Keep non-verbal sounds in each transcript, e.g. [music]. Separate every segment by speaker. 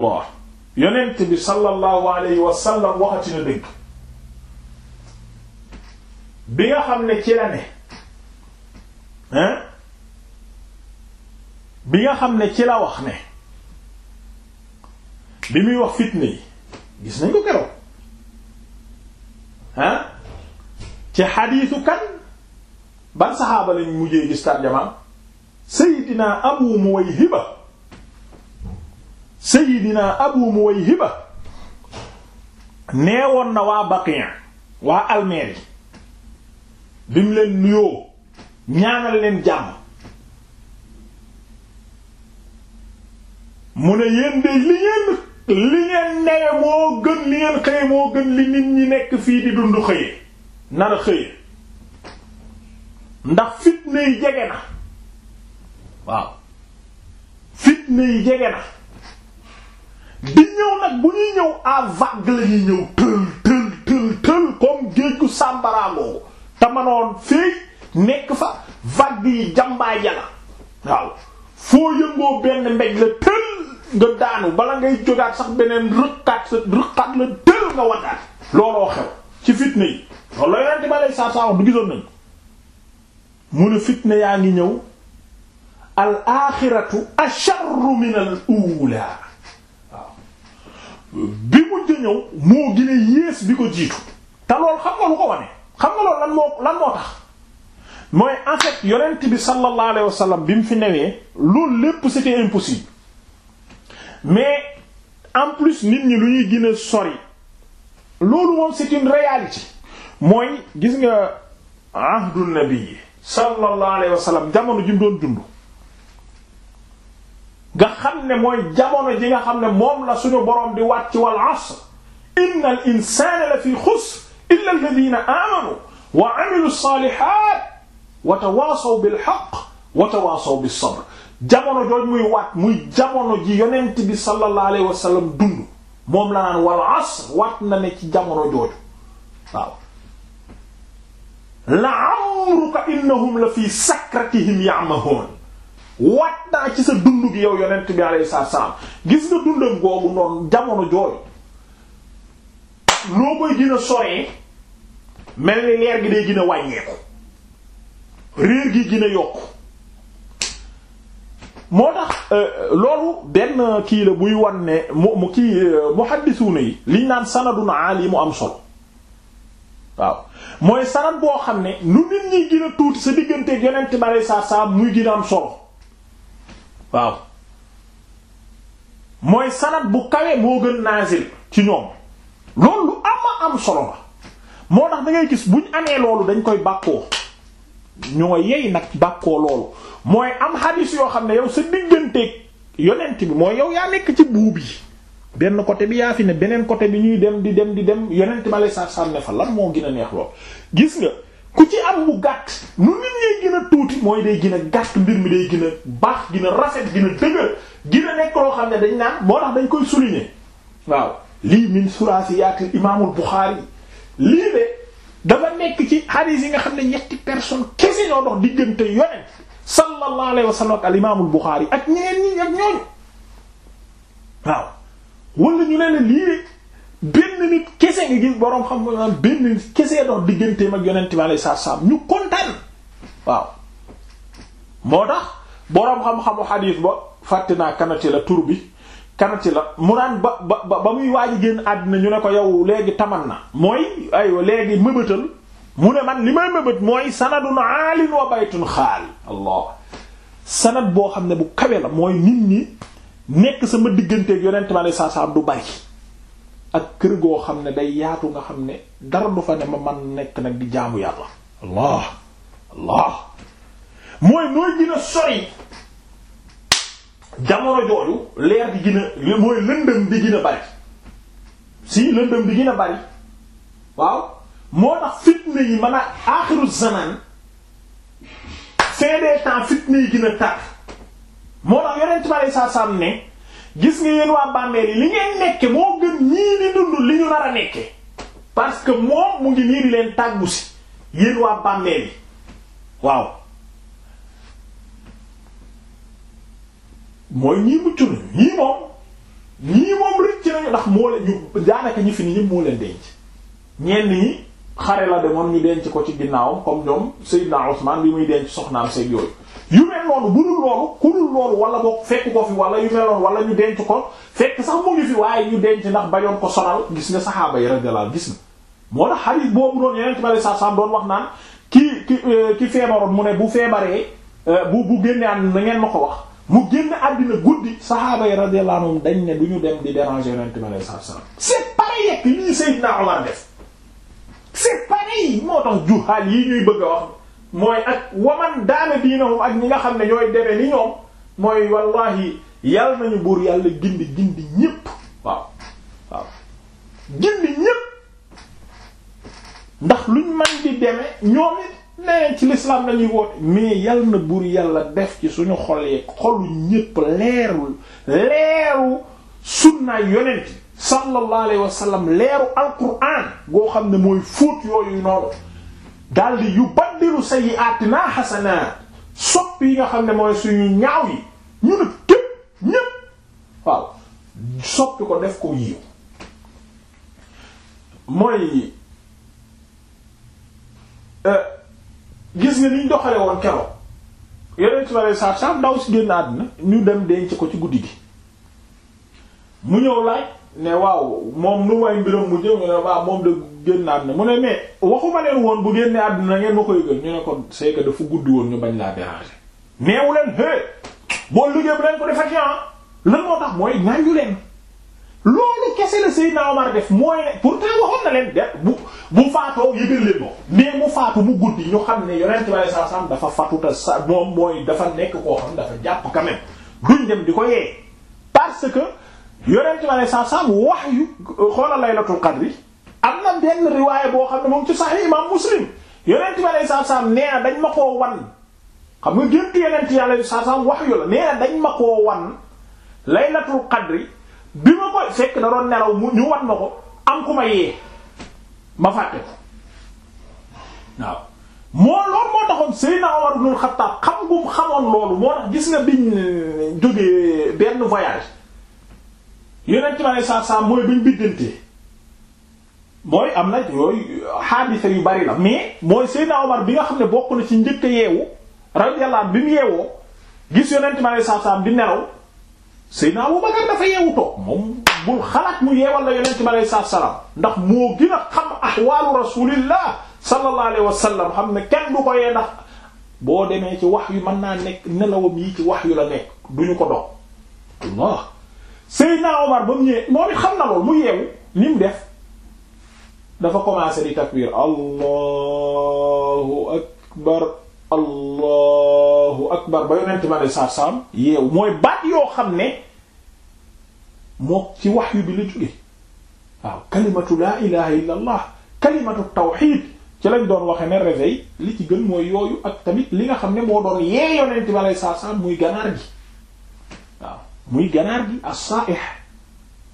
Speaker 1: Allah yonent bi sallallahu alayhi wa sallam waxati bi nga xam ne ci la ne hein bi nga xam ne ci la wax ne bi muy wax fitne yi gis nañ ko keroog hein ci xadiisu kan ban saxaaba lañ mujjee gis tarjamaa Seydina Abu Muwayhiba Seydina Abu Muwayhiba neewoon na waa Baqi' waa Almeeri bi mu leen nuyoo ñaanal leen jàmm mu ne yéen de li ngeen li ngeen newe moo gën li ngeen xëye moo gën li nit ñi nekk fii di dund xëye nar a xëye ndax fitna yi jege na waaw fitna yi jege na di ñëw nag bu ñuy ñëw à vague la ñuy ñëw tël tël tël tël comme géej gu sàmbaraangoogu te manoon fii nekk fa vague yi jàmbaay jala waaw foo yëngoo benn mbéj la tël nga daanu bala ngay jógaat sax beneen rëqaat sa rëqaat la tël nga wataat looloo xew ci fitna yi loolu la yonente ba lay yaa ngi ñëw al axiratu asharru min al bi mujj ñëw moo gën yées bi ko jiitu te loolu xam nga lu ko wane xam nga loolu lan moo lan moo tax mooy en fait yonent bi sallallahu alayhi wa bi mu fi newee loolu lépp c'était impossible mais en plus nit ñi lu ñuy gën a sori loolu moom c'est une réalité mooy gis nga ahdun nabi sallallahu alayhi wa sallam jamono ji doon dund nga xam ne mooy jamono ji nga xam ne moom la suñu boroom di wàcc wal asr inna al insana la fi xusr illa alladina amanu wa amilu salihat wa tawasaw bil haqq wa tawasaw bis sabr jamono jooj muy waat muy jamono ji yonent bi sallallahu alayhi wa sallam dund moom la naan wal asr waat na ne ci jamono jooju waaw la amruka innahum la fi sakratihim ya'mahun waat naa ci sa dund gi yow yonent bi alayhi salaam gis nga dundam googu noonu jamono jooyu loo koy gën a soree mel ni leer gi day gën a wàññeeku réer gi gën a moo tax euh, loolu benn kii la buy wan ne mu mu kii euh, muhaddisuuna yi liñ naan sanadun aali mu am solo waaw mooy sanad boo xam ne lu nit ñi gën tuuti sa digganteeg yonent bi alayhi salaam muy gën a am solo waaw mooy sanad bu kawee moo gën nazil ci ñoom loolu lu ama am solo la moo tax da ngay gis buñ amee loolu dañ koy bàkkoo ñoo yey nag bàkkoo loolu mooy am hadith yoo xam ne yow sa digganteeg yonent bi mooy yow yaa nekk ci buub yi benn côté bi yaa fi ne beneen côté bi ñuy dem di dem di dem yonent bi aleyhis ne fa lan moo gën a neex lool gis nga ku ci am mu gàtt nu nit ñee gën tuuti mooy day gën a gàtt mbir mi day gën a baax gën a rafet gën a dëgër gën nekk loo xam ne dañ naan moo tax dañ koy souligner waaw lii min suraasiyaati imaamul Buxaari lii de dafa nekk ci hadith yi nga xam ne ñetti personne kese ñoo dox diggante yonent sallallahu alayhi wa sallam ak al imaamul Buxaari ak ñeneen ñi ak ñooñu waaw wala ñu leen lii benn nit kese nga gis boroom xam nga naan benn nit kese dox digganteem ak yonent bi alayhi salaam ñu kontaan waaw moo tax boroom xam-xamu xadiis ba fàtte naa kanati la tur bi kanati la mu naan ba ba ba muy waaj génn àddina ñu ne ko yow léegi taman na mooy aywa léegi mëbëtal mu ne man li may mëbët mooy sanadun aalin wa baytun xaal allah sanad boo xam ne bu kawe la mooy nit ñi nekk sama digganteeg yonent bi alayhi du bari ak kër goo xam ne day yaatu nga xam ne dara du fa ne ma man nekk nag di jaamu yàlla allah allah mooy nooy gën sori jamono jooju leer di gën mooy lëndëm bi gën bari si lëndëm bi gën a bari waaw moo tax fitna yi mën a aaxiru zaman fin des fitna yi gën tar moo tax yonent bi aleyhi salaatu salaam ne gis nga yéen waa bàmmeel yi li ngeen nekke moo gën ñii di dund li ñu nar a nekke parce que moom mu ngi nii di leen tàggu si yéen waa bàmmeel yi waaw mooy ñii mucc nañu ñii moom ñii moom rëcc nañu ndax moo leen ñu daanaka ñu fi ni ñëpp moo leen denc ñenn ñi xare la demoon ñu denc ko ci ginnaaw comme ñoom Seydina Ousmane bi muy denc soxnaam seeg yooyu yu mel noonu bu dul loolu ku dul loolu wala boog fekk ko fi wala yu mel noonu wala ñu denc ko fekk sax mu ngi fi waaye ñu denc ndax bañoon ko sonal gis nga saxaaba yi radiyallahu gis na moo tax xadiis boobu doon yeneen wax naan ki ki euh, ki feebaroon mu ne bu feebaree euh, bu bu génne ànd na ngeen ma ko wax mu génn àddina guddi saxaaba yi radiyallahu dañ ne du ñu dem di déranger yeneen tibale sax sax c'est pareil ak lii Seydina Omar def c'est yi ñuy bëgg a wax mooy ak waman daana diinahum ak ñi nga xam ne ñooy deme ni ñoom mooy wallahi yàlla nañu buur yàlla gindi gindi ñépp waaw waaw gindi ñépp ndax luñ man di deme ñoom it nee ci l'islam lañuy woote mais yàlla na buur yàlla def ci suñu xolee xolu ñépp leerul leeru sunna yonent sallallahu alayhi wa sallam leeru alquran goo xam ne mooy fóot yooyu noonu daldi yubaddilu sayyi'atina hasana soppi yi nga xam ne mooy suñu ñaaw yi ñu ne képp ñépp waaw soppi ko def ko yiw mooy euh, gis nga niñ doxale woon keroog yeneen ci wàllu saaf saaf ndaw si génn àddina ñu dem denc ko ci guddi gi mu ñëw laaj ne waaw moom nu way mbiram mu jëm waaw moom de. génn àdduna mu ne mais waxuma leen woon bu génnee àdduna ngeen ma ko yëgal ñu ne ko c'est que dafa guddi woon ñu bañ laa déranger neewu leen hé boo liggéey bu leen ko defati ah lan moo tax mooy ñaanju leen loolu kese la Seydina Omar def mooy ne pourtant waxoon na leen de bu bu faatoo yëgal leen moom mais mu faatu mu guddi ñu xam ne yonent bi sallallahu alayhi wasallam dafa fatuta sa moom mooy dafa nekk koo xam dafa jàpp quand même duñ dem di ko yee parce que yonent bi sallallahu alayhi wasallam wax yu xoolal laylatul am na benn riwaaya boo xam ne moom ci Sahih Imam Muslim yonent bi alayhi salaam nee na dañ ma koo wan xam nga gént yonent bi alayhi salaam wahyu la nee na dañ ma ko wan laylatul qadri bi ma koy fekk da doon nelaw mu ñu wan ma ko am ku ma yee ma fàtte ko waaw moo loolu moo taxoon Seydina Umar ibn Khattab xam gum xamoon loolu moo tax gis nga biñ jógee benn voyage yonent bi alayhi salaam mooy biñ biddante mooy am na yooyu xaadisa yu bari la mais mooy Seydina Omar bi nga xam ne bokk na ci njëkk yeewu radiyallahu anhu bi mu yeewoo gis yonent ma lay saabsaab di nelaw Seydina Abu Bakar dafa yeewu toog mu yeewal la yonent ma lay saabsaab ndax moo gën a xam ahwaalu wa sallam xam ne kenn du ko boo demee ci wax yu mën naa nekk nelawam yi la nekk ko dox. waaw Seydina Omar ba mu ñëwee moom it xam na loolu mu yeewu ni mu def. dafa commencé di takbir allahu akbar allahu akbar ba yonent ma sarsam yeew mooy baat yoo xam ne moo ci waxyu bi la jóge waaw kalimatu laa ilaha illa allah ci lañ doon waxe ne réveil li ci gën mooy yooyu ak tamit li nga xam ne moo doon yee yonent sarsam muy ganaar gi waaw muy ganaar gi as-sa'ih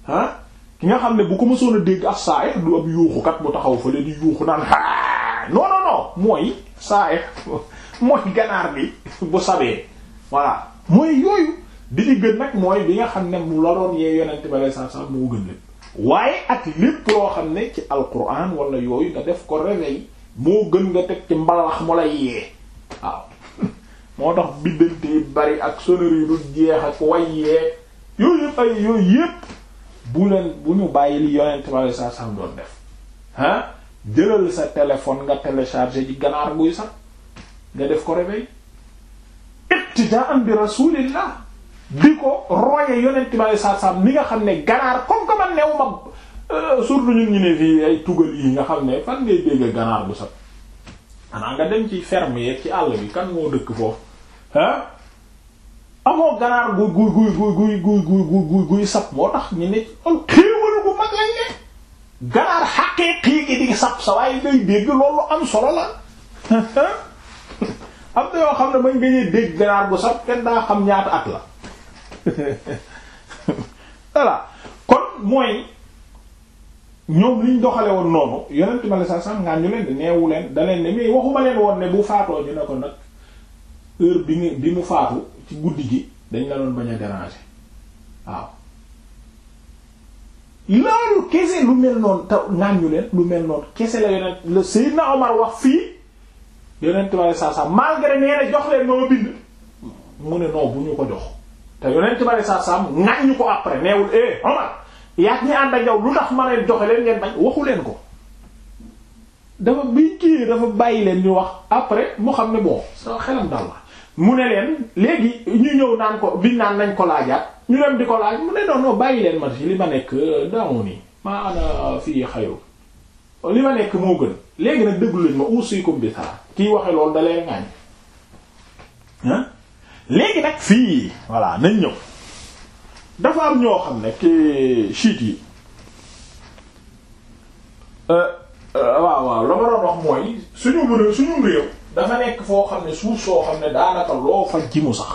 Speaker 1: ah. nga xam ne bu ko mësoon a dégg ak saayex du ab yuuxukat bu taxaw fële di yuuxu naan haa non non mooy saayex [laughs] mooy ganaar bi [laughs] bu sabee voilà mooy yooyu mooy bi nga xam ne mu la doon yee yonent ba waaye ak lépp loo xam ne ci alquran wala yooyu nga def ko réveil moo gën nga teg ci mbalax mu lay yee waaw [laughs] moo tax biddante bari ak sonnerie yi du jeex ak way yooyu ay yooyu yëpp bu bu ñu bàyyi li yonent bi aleyhi salaatu salaam doon def ah jëlal sa téléphone nga télécharger ji ganaar guy sax nga def ko réveil ittijaan bi rasulillah di ko roye yonent bi aleyhi salaatu salaam mi nga xam ne ganaar comme que man new ma euh, surtout ñun ñu ne fii ay tugal yi nga xam ne fan ngay dégg ganaar bu sax xanaa nga dem ci ferme yeeg ci àll bi kan moo dëkk foofu ah amoo ganaar guy guy guy guy guy guy guy sab moo tax ñu ne al xéewal bu mag lañ ne ganaar xaqee xii gi di sab sa waaye ngay dégg loolu am solo la am na yoo xam ne bañ ngeen dégg ganaar bu sab kenn daa xam ñaata at la voilà kon mooy ñoom liñ doxale woon noonu yonent ma la sax sax ngaa ñu leen di neewu leen da leen ne mais waxuma leen woon ne bu faatoo ñu ne ko nag heure bi mu bi mu faatu ci guddi gi dañ la noon bañ a déranger waaw loolu kese lu mel noonu taw ŋàññu leen lu mel noon kese la yonent le Seydina Omar wax fii yonent bi alayhi salaam malgré nee na jox leen noo bind mu ne non bu ñu ko jox te yonent bi alayhi salaam ŋàññu ko après neewul eh Omar yaa ngi ànd ak yow lu tax ma leen joxe leen ngeen bañ waxu leen ko dafa biy kii dafa bàyyi leen ñu wax après mu xam ne bon sa xelam dal la mu ne leen léegi ñu ñëw naan ko biñ naan nañ ko laajaat ñu dem di ko laaj mu ne non non bàyyi leen ma ci li ma nekk euh, daawu nii maa ana euh, fii xayru li ma nekk moo gën léegi nag déglu lañ ma usikum bi saa kiy waxe loolu da leen ŋaañ léegi nag fii voilà nañ ñëw dafa ñoo xam ne ki yi euh, waaw waaw la ma wax mooy suñu suñu réew. dafa nekk foo xam ne suuf soo xam ne daanaka loo fa ji mu sax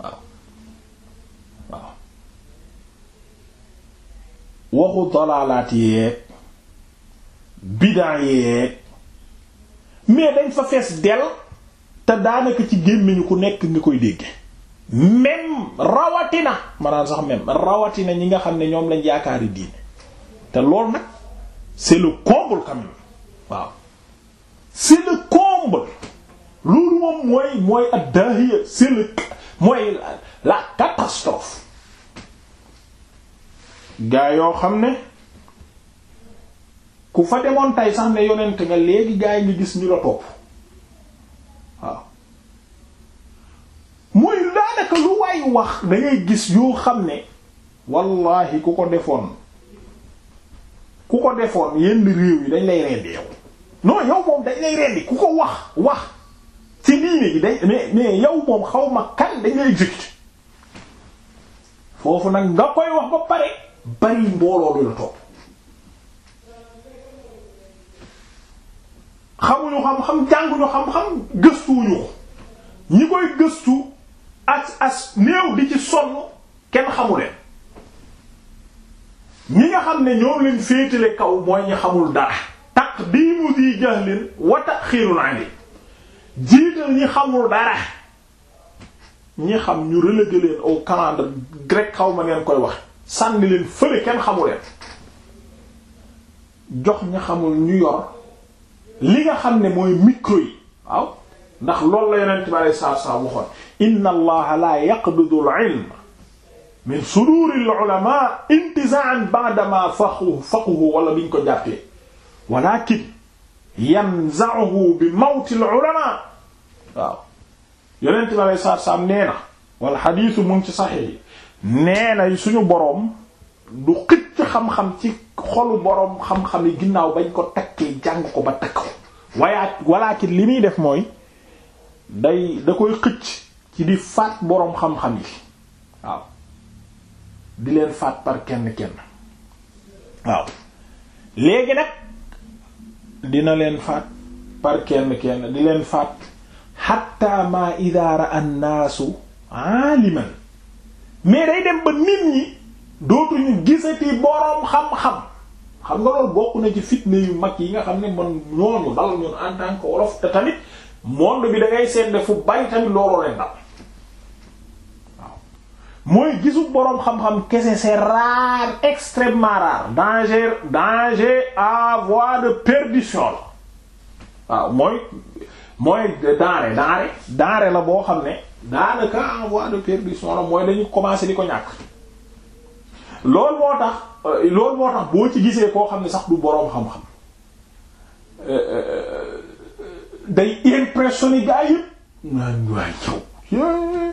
Speaker 1: waaw waaw waxu dalaalaat yeeg biddaa yeeg mais dañ fa fees del te daanaka ci gémmiñu ku nekk nga koy dégge même rawatina maanaam sax même rawatina ñi nga xam ne ñoom lañ yaakaari diine te loolu nag c'est le comble quand waaw c'est le comble loolu moom mooy mooy ad-daahiya mooy la catastrophe gaa yoo xam ne ku fa demoon tey sax ne yonent nga léegi gaa yi nga gis ñu la topp waaw mooy daanaka lu waay wax da gis yoo xam ne wallaahi ku ko defoon ku ko defoon yenn réew yi dañ lay rendi yow non yow moom dañ lay rendi ku ko wax wax ci diine yi day mais mais yow moom xaw ma kan dañ lay foofu nag nga koy wax ba pare bari mbooloo lu la topp xamuñu xam-xam jànguñu xam-xam gëstuwuñu ñi koy gëstu as as néew di ci sonn kenn xamuleen ñi nga xam ne ñoom lañ féetale kaw mooy ñi xamul dara taqdiimu di jahlin wa taxiirun andi jiital ñi xamul dara ñi xam ñu relégué leen au calendrier grec xaw ma ngeen koy wax sànni leen fële kenn xamuleen jox ñi xamul ñu yor li nga xam ne mooy micro yi ndax lool la yonent bi alei saatu salaam waxoon inna allaha la yaqbidu al ilm min suduri al ulama intiza'an ba'dama faquhu faquhu wala biñ ko jàppee walakin yanza'uhu bi mawti al ulama waaw yonent bi alei saatu salaam nee na wala xadiisu mu ngi ci saxix yi nee na suñu boroom du xëcc xam-xam ci xolu boroom xam-xam yi ginnaaw bañ ko takkee jàng ko ba takk ko wayaat walaakin li muy def mooy day da koy xëcc ci di faat boroom xam-xam yi waaw di leen faat par kenn kenn waaw léegi nag dina leen faat par kenn kenn di leen faat xatta ma ida ra'a naasu aaliman mais day dem ba nit ñi dootuñu gisati boroom xam-xam xam nga loolu bokk na ci fitne yu mag yi nga xam ne man ñooñu dal ñun en tant que wolof tamit monde bi da ngay seetlu fu bari tamit looloo leen dal waaw mooy gisu boroom xam-xam kese c'est rare extrêmement rare danger danger à de perdition la waaw mooy mooy denrée denrée denrée la boo xam ne daanaka en voie de perdition la mooy dañu commencé di ko ñàkk loolu moo tax euh, loolu moo tax boo ci gisee koo xam ne sax du boroom xam-xam euh, euh, day impressionné gaa yëpp naan waay yow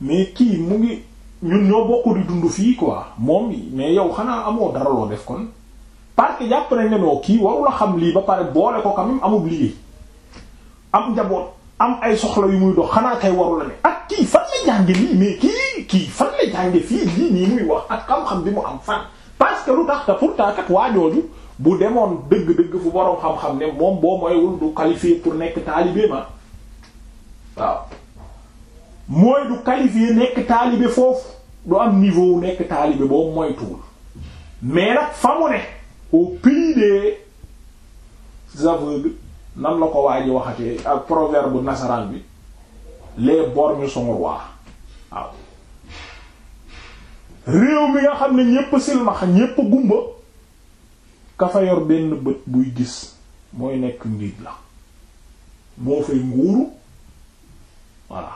Speaker 1: mais kii mu ngi ñun ñoo bokk di dund fii quoi moom mais yow xanaa amoo dara loo def kon parce jàpp nañ ne noo kii waru xam lii ba pare boole ko quand même amul liggéey am njaboot am ay soxla yu muy dox xanaa kay waru la ne ak kii fan la jànge lii mais kii kii fan jànge fii lii nii muy wax ak xam-xam bi mu am fan parce que lu tax te pourtant kat waajooju bu demoon dëgg-dëgg fu boroom xam-xam ne moom boo du qualifié nekk taalibe ma waaw mooy du qualifié nekk taalibe foofu du am niveau nekk taalibe boobu moytuwul mais nag fa ne au prix des aveugles nan la ko waaji waxatee ak proverbe nasaraan bi les borgnes sont rois waaw réew mi nga xam ne ñépp silmax ñépp gumba ka fa yor benn bët buy gis mooy nekk njiit la moo fay nguuru voilà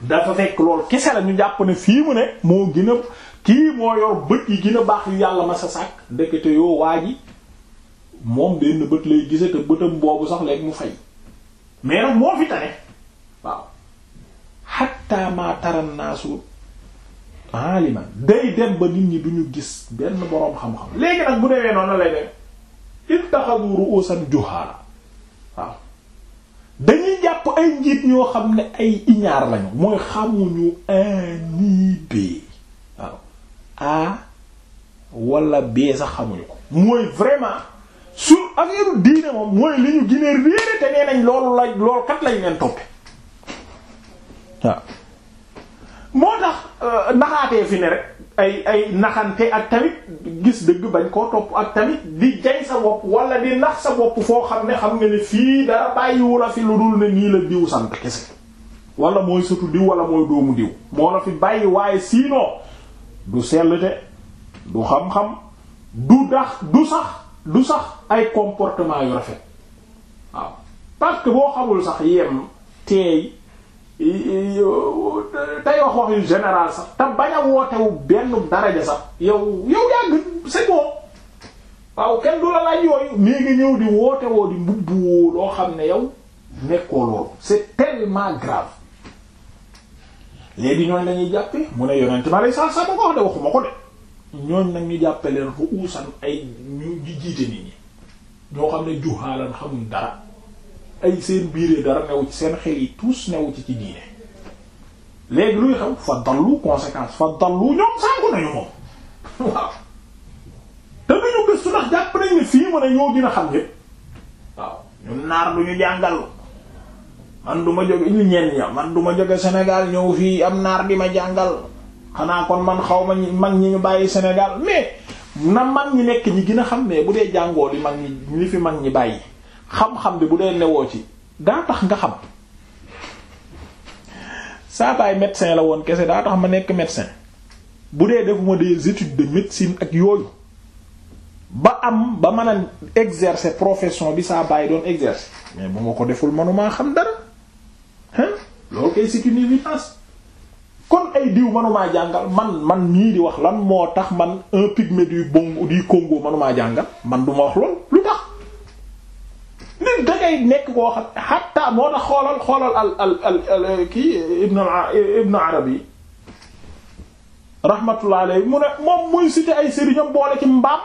Speaker 1: dafa fekk lool kese la ñu jàpp ne fii mu ne moo gën a kii moo yor bët yi gën a baax yu yàlla ma sa sàkk ndekete yoo waa moom benn bët lay gise te bëtam boobu sax léegi mu fay mais nag moo fi tane waaw xatta maa taran naasu aliman day dem ba nit ñi duñu gis benn boroom xam-xam léegi nag bu demee noonu lay dem ittaxadu ay njiit ñoo xam ne ay iñaar lañu mooy xamuñu anibe waaw sax xamuñu ko mooy vraiment affaire diine moom mooy li ñu ginee réere te nee nañ loolu la lool kat lañ leen toppe waaw moo tax euh, naxaatee fi ne rek ay ay naxante ak tamit gis dëgg bañ koo topp ak tamit di jay sa bopp wala di nax sa bopp foo xam ne xam nga ni fii dara bàyyiwu la fi lu dul ne nii la diw sant kese wala mooy sutu diw wala mooy doomu diw moo la fi bàyyi waaye sinon du sellte du xam-xam du dax du sax du sax ay comportement yu rafet waaw parce que boo xamul sax yem teey tey wax wax yu général sax te bañ a wootewu benn daraja sax yow yow yàgg c'est bon waaw kenn du la laaj yooyu mii ngi ñëw di wootewoo woo di mbubboo loo xam ne yow nekkoo loolu c'est tellement grave léegi ñooñu lañuy jàppe mu ne yonent ma lay sa sa ma ko wax de waxuma ko de ñooñ nag ñu jàppe leen ruusan ay ñu di jiite nit ñi ñoo xam ne juhaalan xamuñ dara ay seen biiree dara newu ci seen xel yi tous new ci ci diine léegi luy xew fa dallu conséquence fa dallu ñoom sànku nañu moom waaw te duñu gëstu ndax jàpp nañ ne fii mën ñoo dina xam lépp waaw ñun naar du ñu jàngal man du ma jóge ñu ñenn ña man du ma jóge Sénégal ñëw fii am naar di ma jàngal xanaa kon man xaw ma ñi mag ñi ñu bàyyi Sénégal mais na mag ñi nekk ñi gën a xam ne bu dee jàngoo li mag ñi ñi fi mag ñi bàyyi xam-xam bi bu dee newoo ci daa tax nga xam saa baay médecin la woon kese daa tax ma nekk médecin bu dee defuma des études de médecine ak yooyu ba am ba mën a exerce profession bi saa baay doon exercer mais bu ma ko deful manuma xam dara hein loolu kay c'est une évidence kon ay diw manumaa jàngal man man mii di wax lan moo tax man un pygmée du Bongo du Congo manumaa jàngal man du ma wax lool lu tax nit dangay nekk koo xam hatta moo tax xoolal xoolal al al al eh, kii ibnu ibnu Arabi rahmatullah alayhi mu ne moom muy cité ay sëriñam boole ci mbaam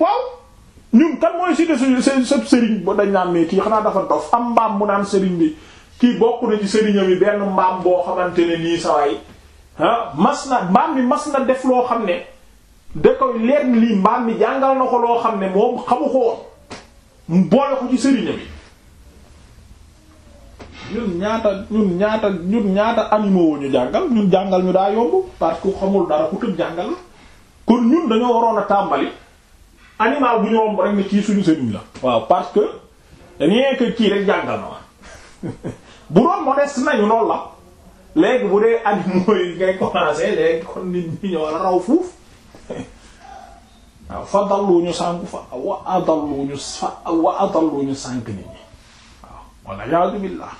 Speaker 1: waaw ñun kan mooy cité suñu seen sëb sëriñ dañ naan ne kii xanaa dafa dof am mbaam mu naan sëriñ bi kii bokk na ci sëriñam yi benn mbaam boo xamante ne nii saway mas na mbaam mi mas na def loo xam ne da koy leer lii mbaam mi jàngal na ko loo xam ne moom xamu ko woon mu boole ko ci sëriñam yi ñun ñaata ñun ñaata ñun ñaata animaux ñu jàngal ñun jàngal ñu daa yomb parce que xamul dara ku tëb jàngal kon ñun dañoo waroon a tàmbali animal bu ñu romb rek ne kii suñu sëriñ la waaw parce que rien kii rek jàngal na wa [laughs] bu doon modeste nañu loolu la léegi bu dee at mooy [laughs] ngay commencer léegi kon nit ñi ñoo raw fuuf waaw fa dalluñu sànk fa wa adalluñu fa wa adalluñu sànk nit ñi waaw walla yaa billah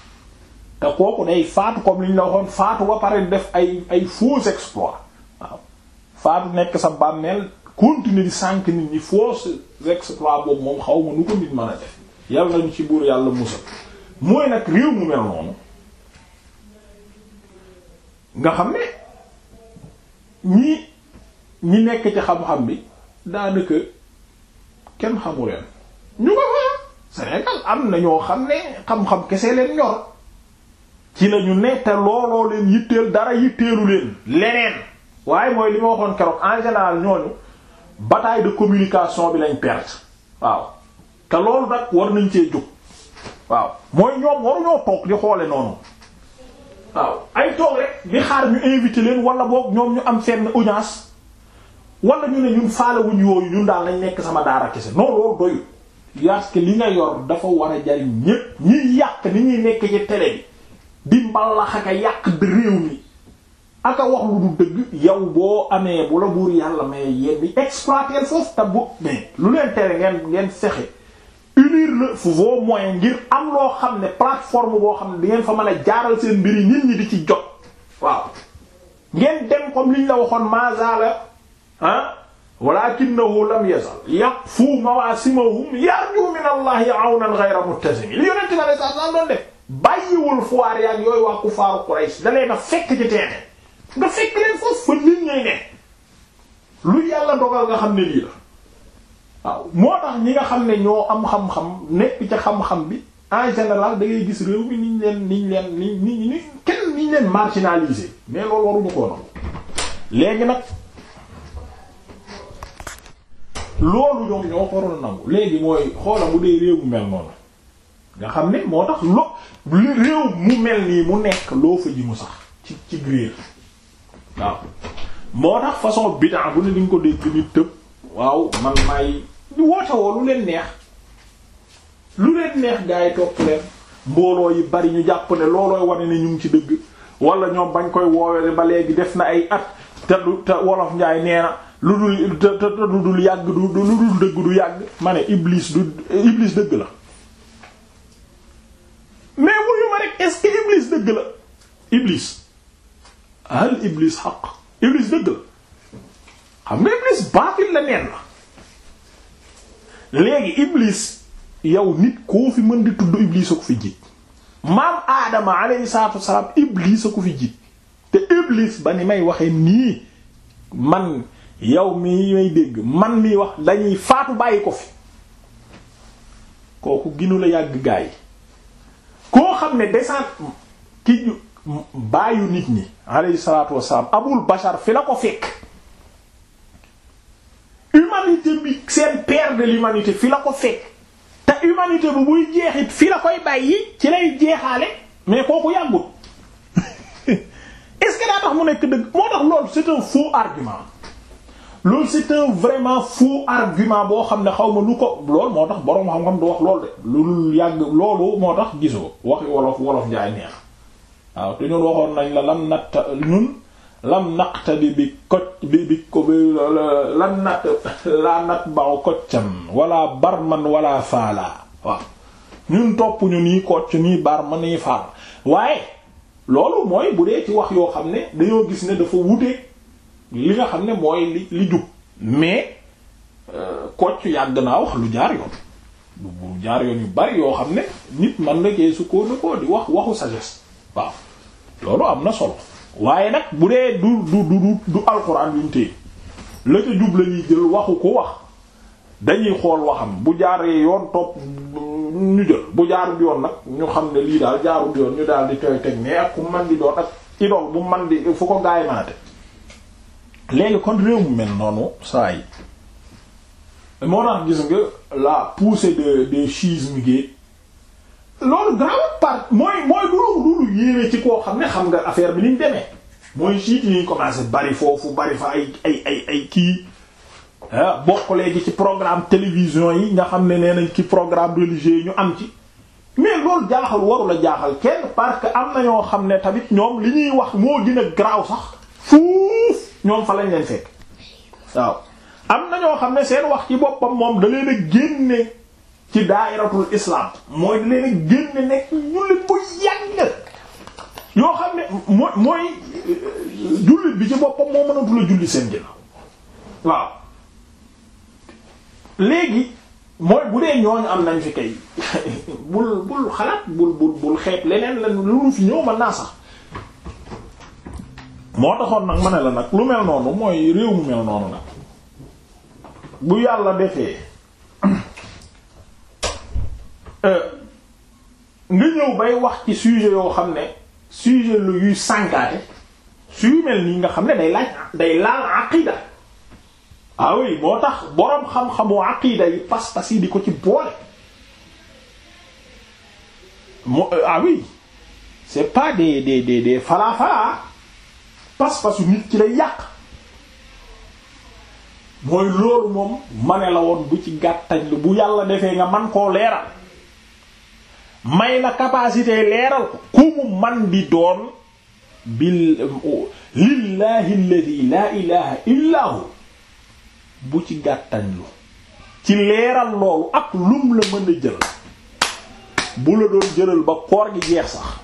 Speaker 1: te kooku day faatu comme li ñu la waxoon faatu ba pare def ay ay faux exploits waaw faatu nekk sa bàmmeel continuer di sànk nit ñi faux exploits boobu moom xaw ma nu ko nit mën a def yàlla nañu ci buur yàlla musal mooy nag réew mu mel noonu nga xam ne ñi ñi nekk ci xam-xam bi daanaka kenn xamu leen ñu nga fa Sénégal am na ñoo xam ne xam-xam kese leen ñor ci la ñu ne te looloo leen yitteel dara yitteelu leen leneen waaye mooy li ma waxoon keroog en général ñooñu bataille de communication bi lañ perte waaw te loolu nag war nañ cee jóg. waaw mooy ñoom waruñoo toog di xoole noonu waaw ay toog rek di xaar ñu invité leen wala boog ñoom ñu am fenn audience wala ñu ne ñun faalewuñ yooyu ñun daal nañ nekk sama daara kese non loolu doyul parce que li nga yor dafa war a jariñ ñépp ñiy yàq ni ñuy nekk ci télé bi di mbalax ak yàq di réew mi ak wax lu du dëgg yow boo amee bu la buur yàlla mais yéen di exploiter foofu te bu mais lu leen tere ngeen ngeen sexe unir le vos moyens ngir am loo xam ne plateforme boo xam ne di ngeen fa mën a jaaral seen mbiri nit ñi di ci jot waaw ngeen dem kom liñ la waxoon mazala ah walakinahu lam yazal yaqfu mawasimahum yarju min allahi awnan ghayra muttasim li yonente na le sa sal doon def bàyyiwul foire yaag yooyu waa kuffaaru Quraysh da leen a fekk ci teene nga fekk leen foofu fa nit ñay ne yàlla dogal nga xam ne lii la waaw moo tax ñi nga xam ne ñoo am xam-xam nekk ca xam-xam bi en général da ngay gis réew mi niñ leen niñ leen ni ni ni kenn niñ leen marginalisé mais loolu waruñu koo nangu léegi nag loolu ñoom ñoo ko léegi mooy xoola bu dee réew mu mel noonu nga xam ne moo tax lo réew mu mel nii mu nekk loo fa mu sax ci ci réer waaw moo tax façon bid'a bu ne di nga ko dégg ni tëb waaw man maay ñu woote woo lu leen neex lu leen neex gaa yi topp leen mbooloo yi bari ñu jàpp ne loolooy wane ne ñu ngi ci dëgg wala ñoom bañ koy woowee ba léegi def na ay at te du te wolof njaay nee na lu dul te te du dul yàgg du dul dëgg du yàgg ma ne iblis du iblis dëgg la mais est-ce que la iblis hal iblis xaq iblis dëgg la xam nga iblis baatil la neen la léegi iblis yow nit koo fi mën di tudd iblis a fi jiit maam aadama alayhi salaatu wasalaam iblis a ko fi jiit te iblis ba ni may waxee nii man yow mi may dégg man mi wax lañuy faatu bàyyi ko fi kooku ginu la yàgg gaa yi koo xam ne descente ki ñu nit ñi alayhi salaatu wasalaam abul bashar fi la ko fekk seen père de l'humanité fi la ko fekk te humanité bu buy jeexit fi la koy bàyyi ci lay jeexaale mais kooku yàggut est-ce que daa tax mu nekk dëgg moo tax loolu c'est un faux argument loolu c'est un vraiment faux argument boo xam ne xaw ma lu ko lool moo tax boroom xam-xam du wax lool de loolu yàgg loolu moo tax gisoo waxi wolof wolof njaay neex waaw te ñun waxoon nañ la lan natt ñun lam naqtadi bi kocc bi bi ko bi lan nat laa nat baaw koccam wala barman wala faala waaw ñun topp ñu nii kocc barman nii faal waaye loolu mooy bu dee ci wax yoo xam ne dañoo gis ne dafa wute li nga xam ne mooy li li jub mais euh, kocc yàgg naa wax lu jaar yoon lu jaar yoon yu bari yoo xam ne nit man na kee su koo na koo di wax waxu sagesse waaw loolu am na sol waaye nag bu dee du du du du alxuraan yuñ téye la ca jub la ñuy jël waxu ko wax dañuy xool waxam bu jaaree yoon topp ñu jël bu jaarul yoon nag ñu xam ne lii daal jaarul yoon ñu daal di koy teg mais ku man di doon ak idol bu man di fu ko gaay maate léegi kon réew mu mel noonu saa yi moo naa gis nga la poussée de des schismes gi loolu grand part mooy mooy loolu lu yéeme ci koo xam ne xam nga affaire bi ni mu demee mooy siit yi ñu commencé bari foofu bari fa ay ay ay ay kii ah bokk léegi ci programme télévision yi nga xam ne nee nañ ci programme religieux yi ñu am ci. mais loolu jaaxal waru la jaaxal kenn parce que am na ñoo xam ne tamit ñoom li ñuy wax moo gën a garaaw sax fuuf ñoom fa lañ leen fekk waaw am na ñoo xam ne seen wax ci boppam moom dalee leen génne. ci daayiratul islam mooy leen génn nekk jullit bu yàgg yoo xam ne mooy euh, jullit bi ci boppam moo mënatul a julli seen ginnaaw waaw léegi mooy bu dee ñooñu am nañ fi kay [laughs] bul bul xalaat bul bul bul xeeb leneen la lu ñëw mën naa sax moo taxoon nag ma ne la nag lu mel noonu mooy réew mu mel noonu nag bu yàlla defee Euh, nga ñëw bay wax ci sujet yoo xam ne sujet lu yuy sànkaate suy mel nii nga xam ne day laaj day laal aqida ah moo tax boroom xam-xamu aqida yi pas-pas di ko ci boole mo euh, ah oui c'est pas des des des des falafala pas-pasu nit ci lay yàq mooy loolu moom ma ne la woon bu ci gàttañ lu bu yàlla defee nga man koo leeral may la capacité leeral ko ku mu man bi doon bil lillahi alladi laa ilaha bu ci gàttañlu ci leeral loolu ak lum la mën a jël bu la doon jëlal ba koor gi jeex sax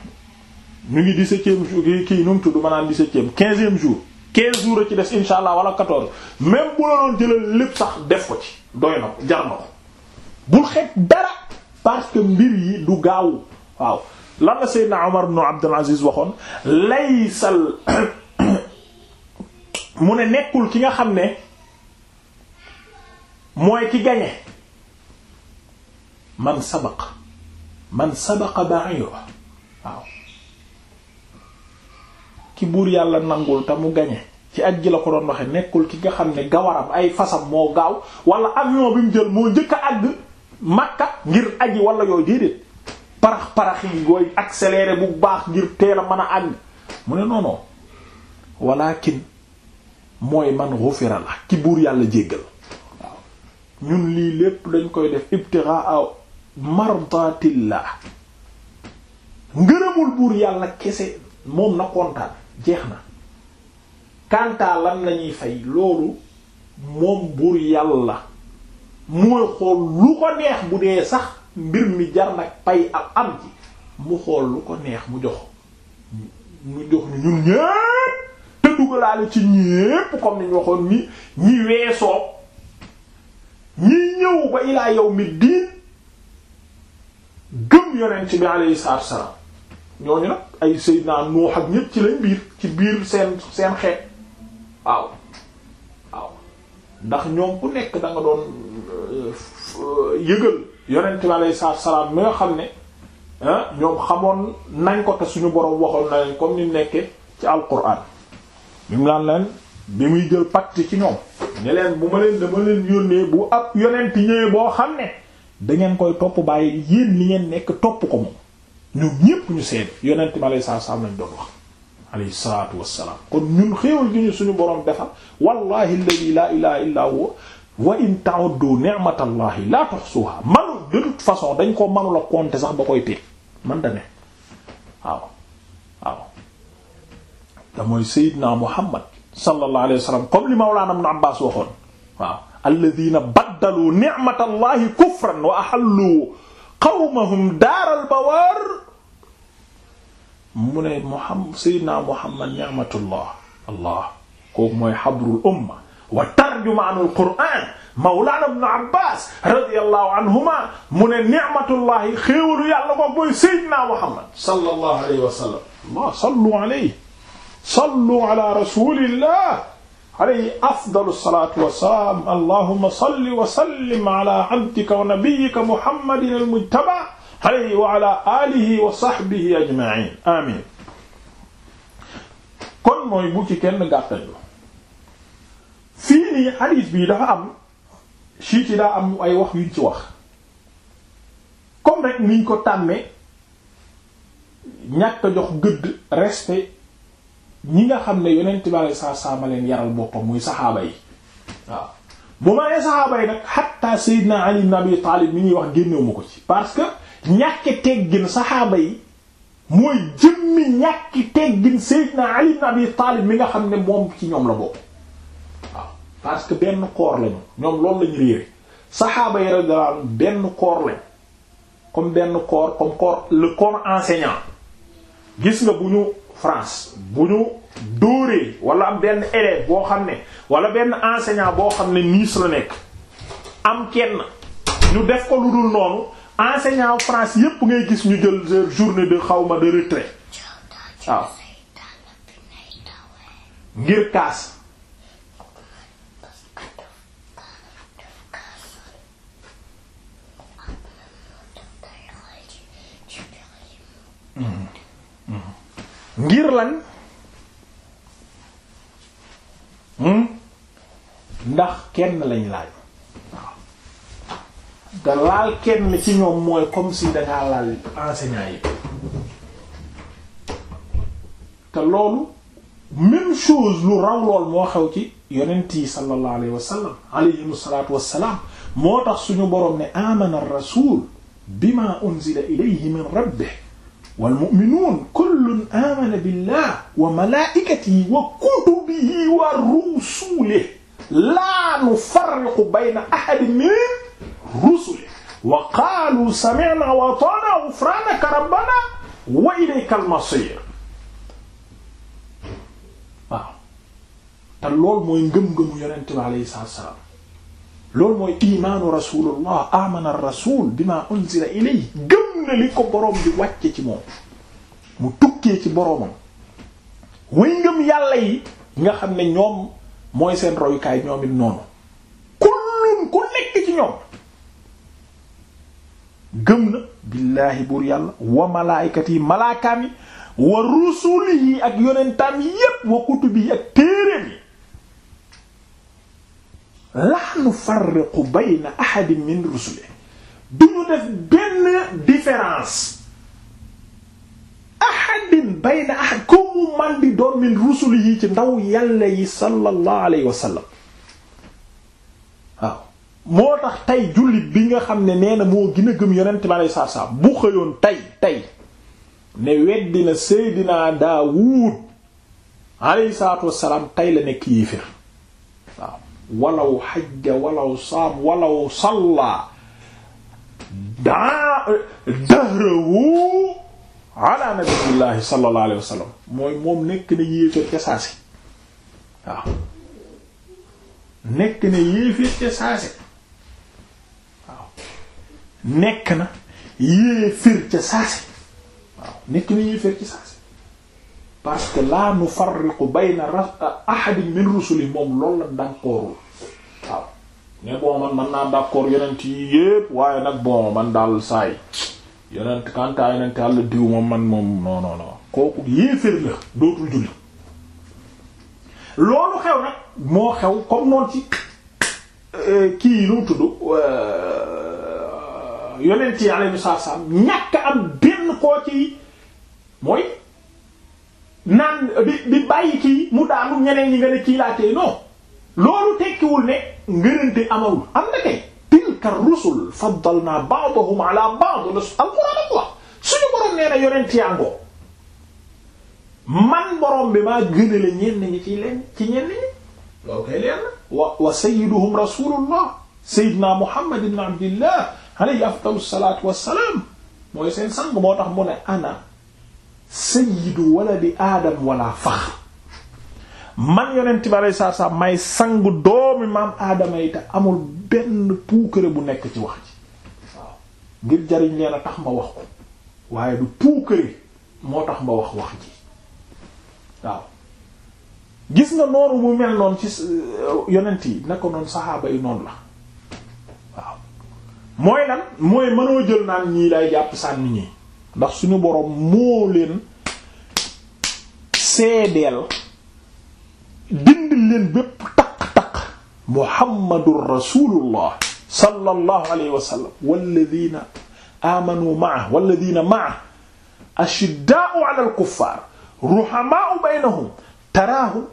Speaker 1: ñu ngi dix-septième jour kii nu mu tudd maanaam dix-septième quinzième jour quinze jours a ci des insha allah wala quatorze même bu la doon jëlal lépp sax def ko ci doy na ko jar na ko bul xeet dara parce que mbir yi du gaaw waaw lan la Seydina Omar ibn Abdul Aziz waxoon laysal [coughs] mu ne nekkul ki nga xam ne mooy ki gañe man sabaq man sabaqa ba'iru waaw ki buur yàlla nangul te mu gañe ci aj ji la ko doon waxe nekkul ki nga xam ne gawaram ay fasam moo gaaw wala avion bi mu jël moo njëkk a àgg makka ngir aji walla yooyu déedéet parax parax yi gooy accéléré bu baax ngir teel a mën a àgg mu ne non non walakin mooy man ghufira la ki buur yàlla jéggal waaw ñun lii lépp dañ koy def ibtigha'a mardatillah ngërëmul buur yàlla kese moom na kontaan jeex na kantaa lan lañuy fay loolu moom buur yàlla mooy xool lu ko neex bu dee sax mbir mi jar nag pay ak am ci mu xool lu ko neex mu jox mu jox ñu ñun ñépp te dugalaale ci ñépp comme niñ waxoon ni ñi weesoo ñi ñëw ba ilaa yow mi diin gëm yonent bi alayhi salaatu wassalaam ñooñu nag ay Seydina Nuux ak ñépp ci lañ biir ci biir seen seen xeet waaw ndax ñoom ku nekk da nga doon euh, yëgal yonent bi aleyhi salaatu salaam xam ne ñoom xamoon nañ ko te suñu borom waxoon na leen comme ni nekkee ci alquran bi mu naan leen bi muy jël pacte ci ñoom ne leen bu ma leen dama leen yónnee bu ak yonent ñëwee boo xam ne dangeen koy topp bàyyi yéen li ngeen nekk topp ko moom ñoom ñépp ñu seet yonent bi aleyhi salaatu salaam lañ doon wax alayhi salaatu wassalaam kon ñun xéewal gi ñu suñu boroom defal wallahi alladhi la ilaha illa huwa wa in ta'uddu ni'matallahi la tuhsuha manu de toute façon dañ ko manula compter sax ba koy téeg man da ne waaw waaw te mooy sayyidina muhammad sallallahu alayhi wa sallam comme li mawlana ibn abbas waxoon waaw alladhina baddalu ni'matallahi kufran wa ahallu qawmahum daaral bawaar mu ne Muhammad Seydina Muhammad ni'matullah allah kooku mooy xabrul umma wa tarjumaanul qur'aan mawlaana ibn Abbaas radiyallahu anhuma mu ne ni'matullahi xéewalu yàlla kooku mooy Seydina Muhammad sallallahu alayhi wa sallam allah sallu alayhi sallu ala rasulillah alayhi afdalu salaatu wa salaam allahumma salli wa sallim ala abdika wa nabiyyika Muhammadin al-mujtabaa alayhi wa ala alihi wa sahbihi ajma'in amin kon mooy bu ci kenn gàttañ la fii nii hadith bii dafa am sii ci daa am ay wax yuñ ci wax comme rek niñ ko tàmmee ñàkk a jox gëdd respect ñi nga xam ne yonent bi alei saatu salaam a leen yaral boppam muy saxaaba yi waaw bu ma nee saxaaba yi nag xatta Seydina Ali ibn Abi Talib mi ñuy wax génnewuma ko ci parce que ñàkk teggin saxaaba yi mooy jëmmi ñàkki teggin Seydina Ali ibn Abi Taalib mi nga xam ne moom ci ñoom la bokk waaw parce que benn koor lañu ñoom loolu lañu réere saxaaba yi radiyallahu anhum benn koor lañ comme benn corps comme corps le corps enseignant gis nga bu ñu France bu ñu dóoree wala am benn élève boo xam ne wala benn enseignant boo xam ne niis la nekk am kenn ñu def ko lu dul noonu enseignant France yépp ngay gis ñu jël seen journée de xawma de retrait ngir kaas hmm. Hmm. ngir lan hmm? ndax kenn lañ laaj nga laal kenn ci ñoom mooy comme si dangaa laal enseignant yi te loolu même chose lu raw lool moo xew ci yonent yi sallallahu alayhi wa sallam alayhim salaatu wassalaam moo tax suñu boroom ne amana ar-rasul bima unzila ilayhi min rabbih wal mu'minuun kullun amana billah wa malaa'ikatihi wa kutubihi wa rusulihi la nufarriqu bayna ahadin minhum rusuli wa qaalu sami'na wa ata'na ghufranaka rabbana wa ilayka al te loolu mooy ngëm-ngëmu yonente bi alayhi salaatu wa salaam bima unzila ilayhi gëm na li ko boroom bi wàcce ci moom mu tukkee ci boroomam way ngëm yàlla yi nga xam ne ñoom mooy seen royukaay ñoom it noonu kullun ku nekk ci ñoom gëm na billaahi buur yàlla wa malaaykat yi malaakaam yi wa rusulihi ak yonentaam yépp wa kutubi yi ak téeréem yi laa nufarriqu bayna ahadin min rusuli duñu def benn différence ahadin bayna ahad ku mu man di doon min rusulihi ci ndaw yàlla yi sallallahu alayhi wa moo tax tey jullit bi nga xam ne nee na moo gën a gëm yonent bi alayhi salaatu salaam bu xëyoon tey tey ne weddi na Seydina Daawuud alayhi salaatu wassalaam tey la nekk yéefér waaw walaw xajja walaw saam walaw salla daa dahrahu ala nabiyillahi sallallahu alayhi wa nekk na yéeféer ca saasi waaw nekk na yéeféer ca saasi nekk na yéefér ca saasi waaw nekk na yéefér ca saasi parce que laa nufarriqu bayna ahadin min rusuli moom lool la d'accordul waaw ne bon man man naa d'accord yonent yi yépp waaye nag bon man daal saay yonent kantaa yonent àll diw moom man moom non non non kooku la dootul julli loolu xew nag moo xew comme noonu ci euh, kii yi lu tudd euh, yonent yi alayhi salaam ñàkk am benn koo ci mooy naan di di mu daanu ñeneen nga ne kii laa tey non loolu tekkiwul ne ngërante am na kay tilka rusul faddalna ba'dahum ala ba'd al-Qur'an wax suñu borom nee na man borom bi maa gënale ñenn ñi ci leen ci ñenn ñi loolu kay leer wa wa sayyiduhum rasulullah Muhammad ibn Abdillah alayhi afdalu salaatu wassalaam mooy seen sang moo tax mu ne ana sayyidu waladi aadam wala faxr man yonent bi alayhi salaatu wassalaam may sangu doomi maam aadama yi te amul benn puukare bu nekk ci wax ji waaw ngir jariñ leen a tax ma wax ko waaye du puukare moo tax ma wax wax ji waaw gis nga noonu mu mel noon ci uh, yonent yi na ko saxaaba yi noonu la mooy lan mooy mënoo jël naan ñii lay jàpp sànni ñi ndax suñu boroom moo leen seedeel dindil leen bépp taq-taq muhammadur rasulullah sallallahu alayhi wa sallam walladina amanu ma'ahu walladina ma'ahu ashiddaa'u 'alal kuffaar ruhamaa'u baynahum taraahum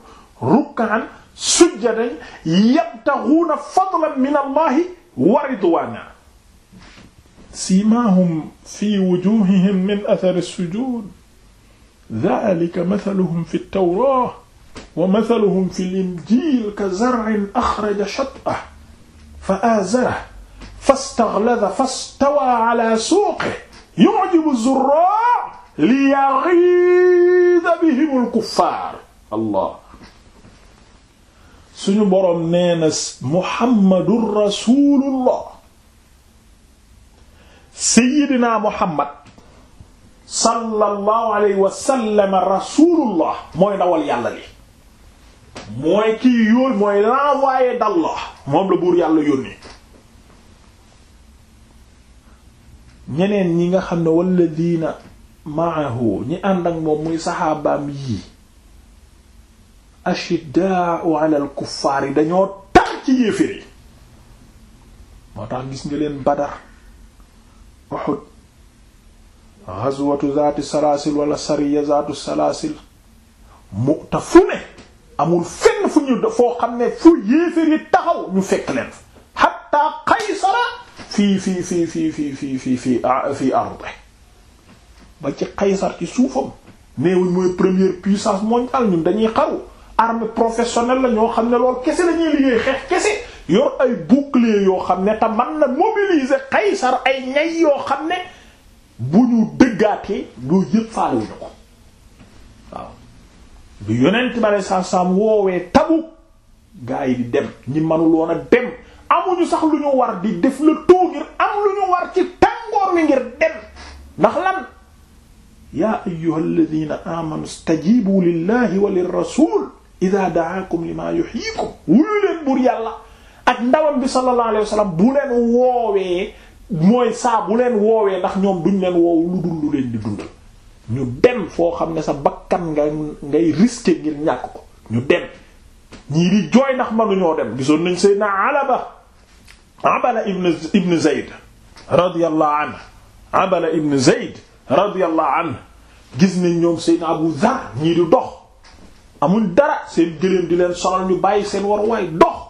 Speaker 1: ruk'an sujjadan yabtaghuuna fadlan min allahi wa ridwaana siimaahum fi wujuhihim min athari as-sujud dhalika mathaluhum fi at-tawrah wa mathaluhum fi al-injil ka zar'in akhraja shat'ahu fa azarahu fastaghladha fastawa ala suqihi yu'jibu az-zurra' liyaghidha bihim al-kuffar allah suñu boroom nee na muhammadur rasulullah sayyidina muhammad sallallahu alayhi wa sallam mooy ndawal yàlla li mooy kii yóon mooy l'envoyé d'Allah moom la buur yàlla yónni ñeneen ñi nga xam ne walladina maahu ñi ànd ak moom muy saxaabaam yii ashiddaa'u ala al kuffaar yi dañoo tar ci yéeféer yi moo tax gis nga leen badar Uhud ghazwatu zaati salaasil wala sariya zaatu salaasil mu te fu ne amul fenn fu ñu foo xam ne fu yéeféer yi taxaw ñu fekk leen hatta Qaysara fii fii fii fii fii fii fii fii fii arde ba ci Qaysar ci suufam neewuñ mooy première puissance mondiale ñun dañuy xaru armée professionnelle la ñoo xam ne lool kese lañuy liggéey xeex kese yor ay bouclier yoo xam ne te man na mobiliser Qaysar ay ñay yoo xam ne bu ñu dëggaatee yooyu yëpp faale wuñu ko waaw bu yonent bale saam woowee tabu gaa yi di dem ñi manuloon a dem amuñu sax lu ñu war di def la too ngir am lu ñu war ci tàngoor wi ngir dem ndax lan yaa ayyuha alladina amanu stajibu lillahi wa lirrasul ida daakum lima yuhyikum wulu leen buur yàlla ak ndawam bi sallallahu alayhi wa sallam bu leen woowee mooy saa bu leen woowee ndax ñoom duñ leen woowu lu dul lu leen di dundal ñu dem foo xam ne sa bakkan nga ngay risquer ngir ñàkk ko ñu dem ñii di jooy ndax mënuñoo dem gisoon nañ Seydina Alaba Abala ibn ibn Zayd gis nañ ñoom Seydina Abu Zar ñii di dox amuñ dara seen gëléem di leen sonal ñu bàyyi seen war waay dox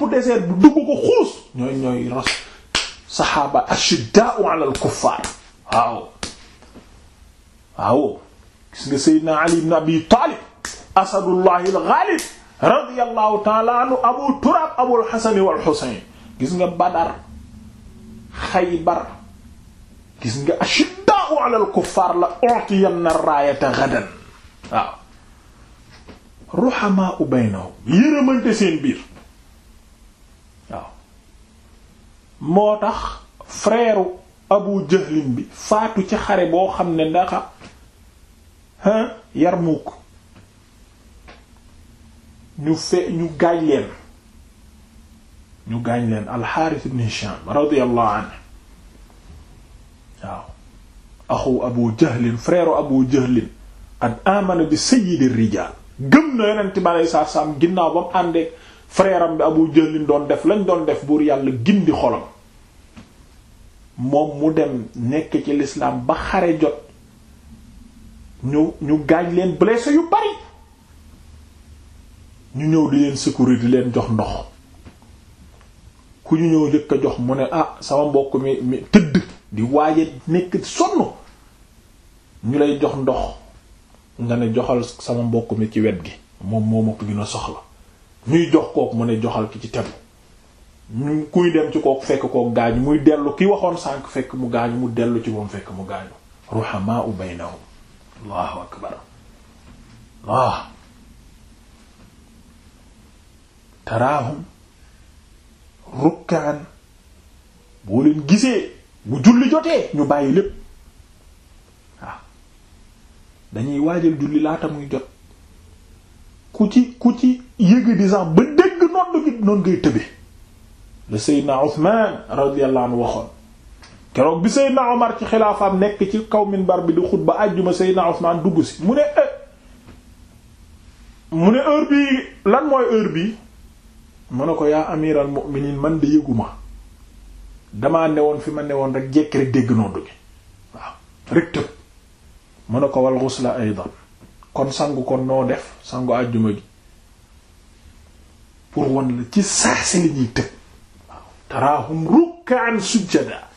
Speaker 1: topp désert bu dugg ko xuus ñooy ñooy ras saxaaba ashidda'u ala al-kuffar waaw waaw gis nga Seydina Ali ibn Abi Talib asadullah al-ghalib radiyallahu ta'ala anhu Abu Turab Abul Hasan wal Husayn gis nga Badar Xaybar gis nga ashidda'u ala al-kuffar la u'tiyanna ar-raayata ghadan waaw ruhamaa baynahum yërëmante seen biir moo tax frère Abu Jahlin bi faatu ci xare boo xam ne ndaxa hein Yarmouk ñu fe ñu gaañ leen ñu gaañ leen al-Harith Hisham radiyallahu anhu waaw axu Abu Jahlin frère Abu Jahlin ad amana bi sayyid ar-rijal gëm na yonent bi alayhi salaam ginnaaw ba àndeek frère am bi Abu Jahl doon def lañ doon def buur yàlla gindi xolam moom mu dem nekk ci lislaam ba xare jot ñu ñu gaañ leen blessé yu bari ñu ñëw di leen secourir leen jox ndox ku ñu ñëw njëkk a jox mu ne ah sama mbokk mi mi tëdd di waaje nekk sonn ñu lay jox ndox nga ne joxal sama mbokk mi ci wet gi moom moo ma ko soxla ñuy jox kook mu ne joxal ki ci tegu ñu kuy dem ci kook fekk kook gaañu muy dellu ki waxoon sànq fekk mu gaañu mu dellu ci moom fekk mu gaañu ruhamaa u baynahum allahu akbar waaw ah. taraahum rukkaan boo leen gisee bu julli jotee ñu bàyyi lépp waaw ah. dañuy waajal julli laata muy jot ku ci ku ci yëg di sax ba dégg nodd gi noonu ngay tëbe le Seydina Usmaan radiyallahu anhu waxoon keroog bi Seydina Omar ci xilaafaam nekk ci kaw bar bi di ba àjjuma Seydina Usmaan dugg si mu ne eh. mu ne heure lan mooy heure bii mu ne ko yaa amiral mu'minin man di yëguma damaa woon fi ma newoon rek jekk rek dégg nodd gi waaw rek tëb mu ne ko wal ghusla aydan kon sangu kon noo def sangu àjjuma gi pour wan la ci saasi la ñuy waaw taraahum rukkaan sujjada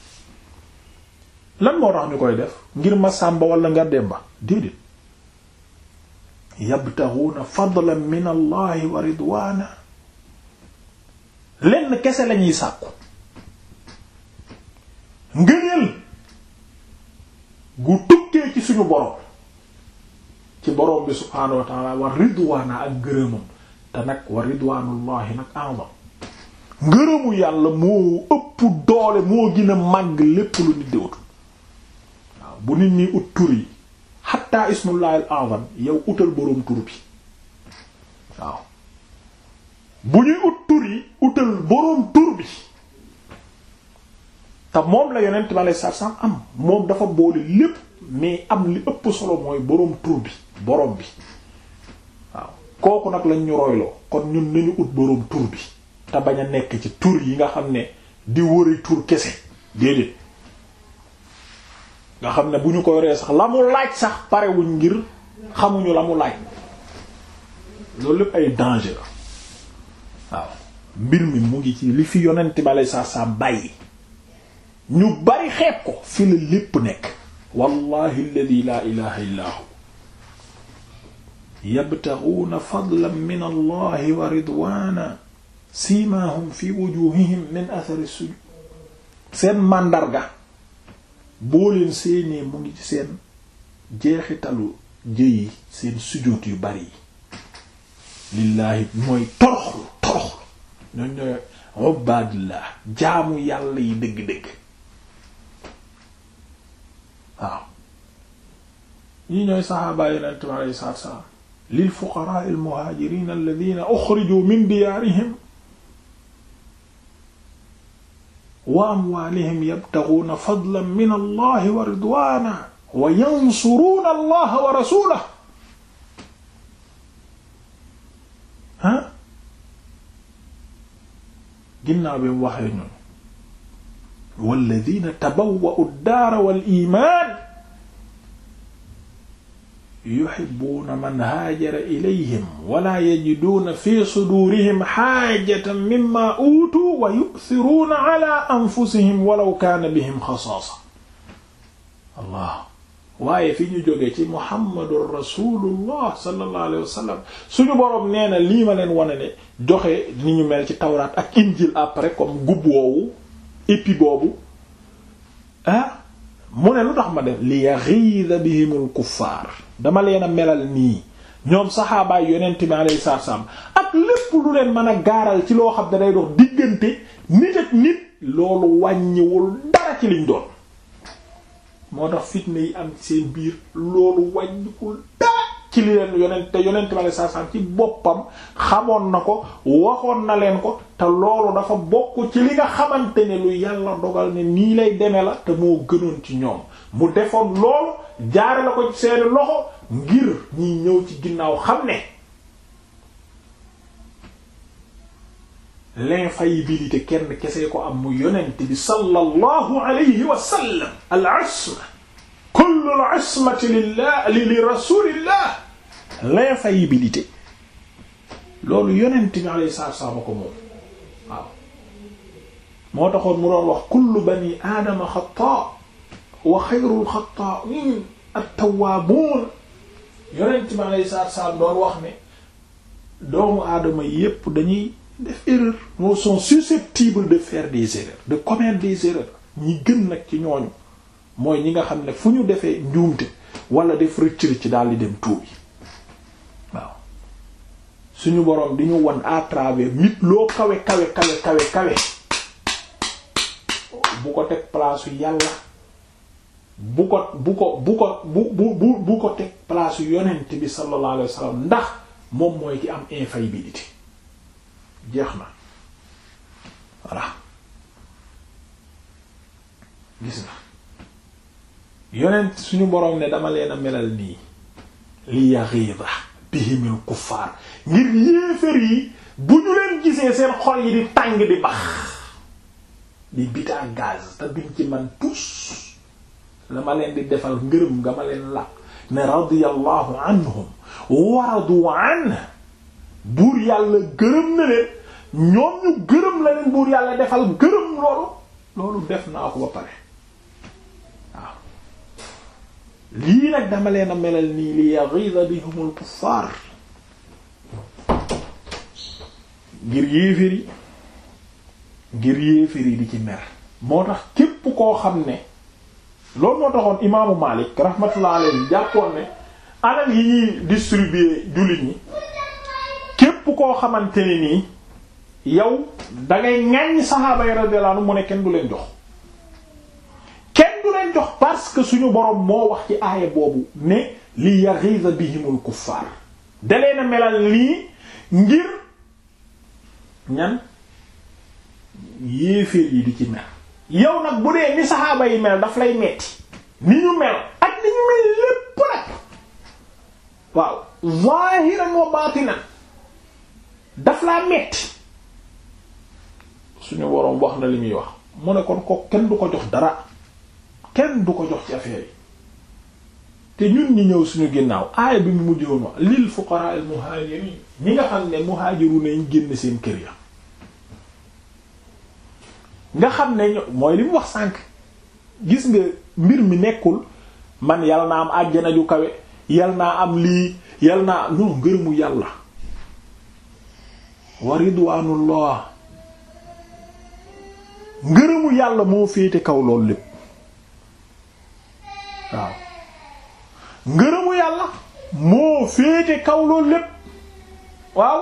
Speaker 1: lan moo tax ñu koy def ngir ma sàmba wala nga demba déedéet yabtaxuuna fadlan min allahi wa ridwaana lenn kese la sàkku ngëneel gu tukkee ci suñu boroom ci boroom bi subhaanahu wa ridwaana ak gërëmam te nag wa ridwaanullahi nag a'zam ngërëmu yàlla moo ëpp doole moo gën a màgg lépp lu nit di ut waaw bu nit ñi ut tur yi xatta ismullahil a'zam yow utal boroom tur bi waaw bu ñuy ut tur yi utal boroom tur bi te moom la yonent bi alei satu am moom dafa boole lépp mais am li ëpp solo mooy boroom tur bi boroom bi kooku nag lañ ñu royloo kon ñun nañu ut boroom tur bi te bañ a nekk ci tur yi nga xam ne di wëri tur kese déedéet nga xam ne bu ñu ko yoree sax la mu laaj sax parewuñ ngir xamuñu la mu laaj loolu lépp ay danger la waaw mbir mi mu ngi ci li fi yonent bale saa saa bàyyi ñu bari xeeb ko fi la lépp nekk wallahi alladhi la ilaha yabtaxuuna fadlan min allahi wa ridwaana siimaahum fi wujuhihim min athari sujud seen màndarga boo leen seenee mu ngi seen jeexitalu jëyi seen sujjóot yu bari yi lillaahi mooy toroxlu toroxlu ñoo ñooy ubaadillah jaamu yàlla yi dëgg-dëgg waaw ñi ñooy saxaaba yonent mi alayhi salaatu salaam lil fuqaraa al muhaajiriin alladhiina ukhrijuu min diyaarihim wa amwaalihim yabtaghuuna fadlan min allahi wa ridwaana wa yansuruuna allaha wa rasuulahu ah ginnaaw bi mu waxee ñun walladhiina tabawwa'u ad-daara wal iimaan yuhibbuuna man haajara ilayhim wala yajiduuna fi suduurihim haajatan mimmaa uutuu wa yu'thiruuna ala anfusihim walaw kaana bihim xasaasa allah waaye fi ñu jóge ci muhammadur rasulullah sallallahu alayhi wa sallam suñu boroom nee na lii ma leen wane ne joxe ni ñu mel ci tawraat ak injil après comme gub woowu épi boobu ah mu ne lu tax ma def li yaxiida bihimul kuffaar dama leen a melal nii ñoom saxaabaay yonent bi alayhi salaam ak lépp lu leen mën a gaaral ci loo xam ne day dox diggante nit ak nit loolu wàññiwul dara ci liñ doon moo tax fitna yi am seen biir loolu wàññiwul dara ci li leen te yonent bi alayhi salaam ci boppam xamoon na ko waxoon na leen ko te loolu dafa bokk ci li nga xamante ne lu yàlla dogal ne nii lay deme la te moo gënoon ci ñoom mu defoon loolu jaare la ko seeni loxo ngir ñiy ñëw ci ginnaaw xam ne l'infaillibilité kenn kese ko am mu yonent bi sallallahu alayhi wa sallam al isma kullu al ismati lillah li rasulillah l'infaillibilité loolu yonent bi alayhi salaam ko moom moo taxoon mu doon wax kullu bani aadama xataa wa xayrul xataa at tawaabuun yonent ma lay saar saar doon wax ne doomu aadama yépp dañuy def erreur moo sont susceptibles de faire des erreurs de commettre des erreurs ñi gën nag ci ñooñu mooy ñi nga xam ne fu ñu defee njuumte wala def rëcc ci daal di dem tuubi waaw suñu boroom di ñu wan à travers nit loo kawe kawe kawe kawe kawe bu ko teg place yàlla bu ko bu ko bu ko bu bu bu ko teg place yonent bi sallallahu alayhi wa sallam ndax moom mooy ki am infaillibilité jeex na voilà gis na yonent suñu boroom ne dama leen a melal nii li yaghidha bihimil kuffaar ngir yéefér yi bu ñu leen gisee seen xol yi di tàng di bax di bita gaz te duñ ci man tous la leen di defal ngërëm nga ma leen làq ne radiyallahu anhum waradu an buur yàlla gërëm na leen ñoom ñu gërëm la leen buur yàlla defal gërëm loolu loolu def naa ko ba pare waaw lii nag dama leen a melal nii li yaghidha bihumul kuffar ngir yéeféri ngir yéeféri di ci mer moo tax képp koo xam ne loolu moo taxoon imaamu Malik rahmatullah alayhi jàppoon ne alal yi ñuy distribuer jullit ñi képp koo xamante ne nii yow da ngay ŋaññ saxaaba yi mu ne kenn du leen jox kenn du leen jox parce que suñu borom moo wax ci aaya boobu ne li yaghiza bihimul kuffar dalee na melal lii ngir ñan yéeféer yi di ci mer yow nag bu dee ni saxaaba yi mel daf lay metti ni ñu mel ak ni ñu mel lépp nag waaw zaahiran wa baatinan daf laa metti suñu woroom wax na li muy wax mu ne ko kenn du ko jox dara kenn du ko jox ci affaire yi te ñun ñi ñëw suñu ginnaaw aaya bi mu mujjoon wax lil fuqara al muhajirin ñi nga xam ne muhajiru nañ génn seen kër ya nga xam ne mooy li mu wax sànk gis nga mbir mi nekkul man yal naa am àjjana ju kawe yal naa am lii yal na naa non ngërëmu yàlla wa ridwaanullah ngërëmu yàlla moo féete kaw loolu lépp waaw ngërëmu yàlla moo féete kaw loolu lépp waaw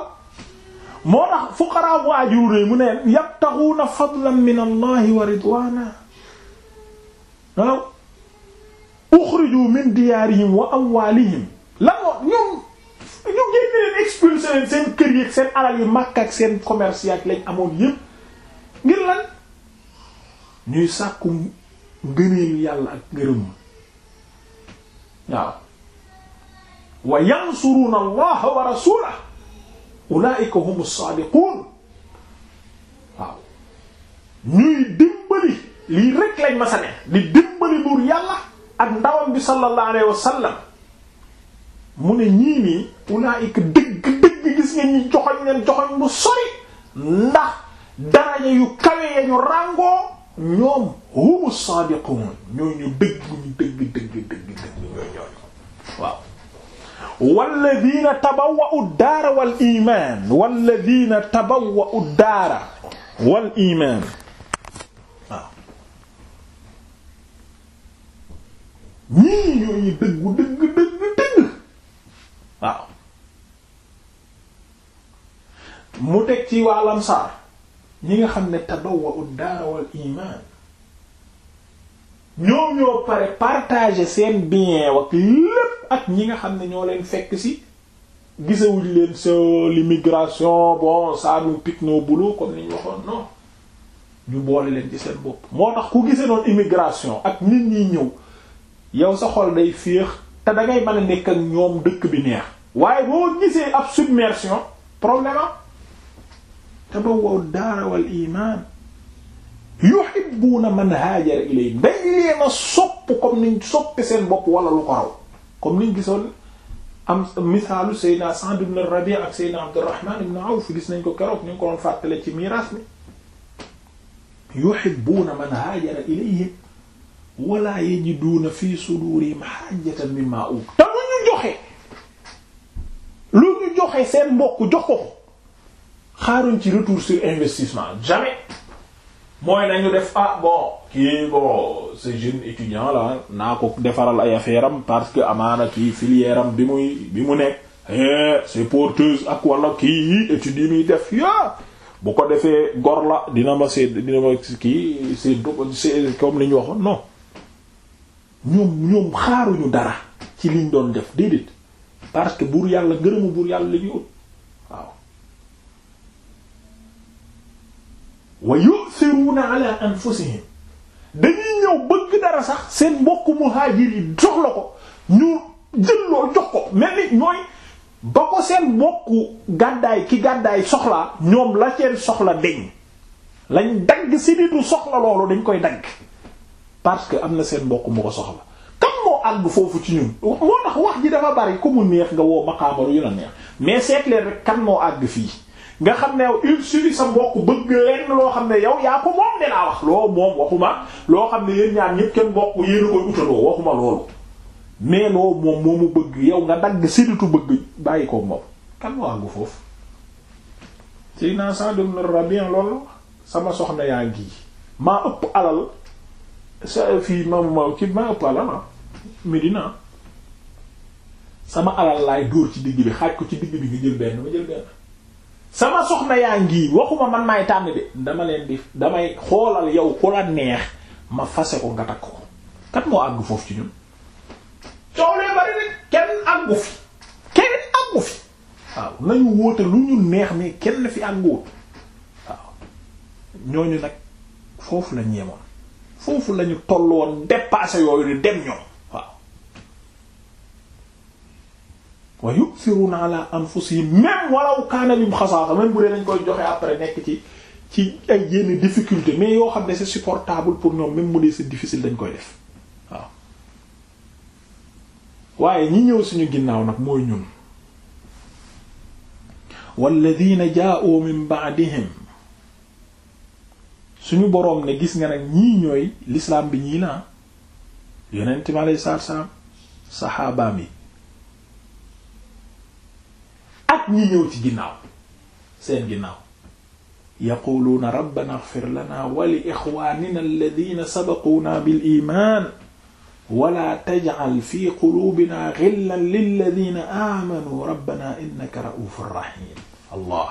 Speaker 1: moo tax fuqaraa waajur yi mu ne yabtaxuuna fadlan min allahi wa ridwaana waaw uxriju min diyaarihim wa amwaalihim la moo ñoom ñu génn leen expulsé leen seen kër yi seen alal yi màkk ak seen commerce yi ak lañ amoon yépp ngir lan ñuy sàkku ngëneelu yàlla ak ngërëm waaw wa yansuruuna allaha wa rasuulahu ulaa'ika humu saadiquun waaw ñuy dimbali lii rek lañ ma sa di dimbali buur yàlla ak ndawam bi sallallahu alayhi wa sallam mu ne ñii nii ulaa'ika dëgg dëgg gis ngeen ñi joxoñ leen joxoñ bu sori ndax daraja yu kawe ya ràngoo ñoom humu saadiquun ñooy ñu dëgg ñu dëgg dëgg dëgg dëgg ñooy ñooy waaw wal iman wal iman waaw ñii ñooñu dëggu dëgg dëgg mu teg ci waa lamsaar ñi nga xam ne tabawwa'u daara wal iman ñoom ñoo pare partager seen bien wax lépp ak ñi nga xam ne ñoo leen fekk si gisawuñ leen sa limigration bon ça nous pique nos boulots ni ñu waxoon non ñu boole leen ci seen bopp moo tax ku gisee noonu immigration ak nit ñi ñëw yow sa xol day féex te da ngay mën a nekk ak ñoom dëkk bi neex waaye boo gisee ab submersion problèment am te ba wow daara wal iman yuhibbuuna man haajara ilayhim dañ leen a sopp comme niñ soppe seen bopp wala lu ko raw comme niñ gisoon am misaalu Seydina Sa'd ibn Rabi' ak Seydina Abdurrahman ibn Awf gis nañ ko keroog ñu ngi ko doon fàttale ci miiraas mi yuhibbuuna man haajara ilayhim wala yajiduuna fi sudurihim haajatan mimmaa uutu te lu ñu joxe lu ñu joxe seen mbokk jox ko ko xaaruñ ci retour sur investissement jamais mooy nañu def ah bon kii bon ce jeune la naa ko defaral ay affaire am parce que amaana kii filière bi muy bi mu nekk eh, c'est porteuse ak wala kii yi études yi muy def ya bu ko defee gor la dina ma sedd dina ma kii sédd comme li ñu waxoon non ñoom ñoom xaaruñu dara ci liñ doon def déedéet parce que buur yàlla ngërëmu buur yàlla la ñu wa yu'thiruna ala anfusihim dañuy ñëw bëgg dara sax seen mbokk muhaajir yi jox la ko ñu jël loo jox ko mel ni ñooy ba ko seen mbokku gàddaay ki gàddaay soxlaa ñoom la seen soxla deñ lañ dagg si nitu soxla loolu dañ koy dagg parce que am na seen mbokk mu ko soxla kam moo àgg foofu ci ñun moo tax wax ji dafa bari ku mu neex nga woo maqaamaru yu la neex mais seet rek kan moo àgg fii nga xam ne il suffit sa mbokk bëgg lenn loo xam ne yow yaa ko moom de laa wax loo moom waxuma loo xam ne yéen ñaar ñépp kenn mbokk yéen a koy utandoo waxuma loolu mais loo moom moomu bëgg yow nga dagg sédditu bëgg bàyyi ko moom kan waa ngu foofu si naa Sa'd ibn Rabi' loolu sama soxna yaa ngi maa ëpp alal sa fii ma ma ëpp alal ah Medina sama alal laay dóor ci digg bi xaaj ko ci digg bi nga jël benn ma jël benn sama soxna yaa ngi waxuma man maay tànn de dama leen di damay xoolal yow ku la neex ma fase ko nga takk ko kat moo àgg foofu ci ñun coow lee bari rek kenn àggu fi kenn àggu fi waaw nañu wóote lu ñu neex mais kenn fi àgguwut waaw ñooñu nag foofu la ñeemoon foofu lañu tolloon dépassé yooyu di dem ñoom wa yu'thiruna ala anfusihim même walaw kaana bihim xasaasa même bu dee nañ koy joxe après nekk ci ci ay yenn difficulté mais yoo xam ne c'est supportable pour ñoom même mu dee c'est difficile dañ koy def waaw waaye ñi ñëw suñu ginnaaw nag mooy ñun walladina jaa'u min ba'dihim suñu boroom ne gis nga nag ñii ñooy lislaam bi ñii la yonent mi alayhi salaam saxaabaam yi ak ñi ñëw ci ginnaaw seen ginnaaw yaquluuna rabbana ighfir lana wa li ixwanina alladina sabaquuna bil iman wala taj'al fi qulubina ghillan lilladina amanu rabbana innaka ra'ufur rahim allah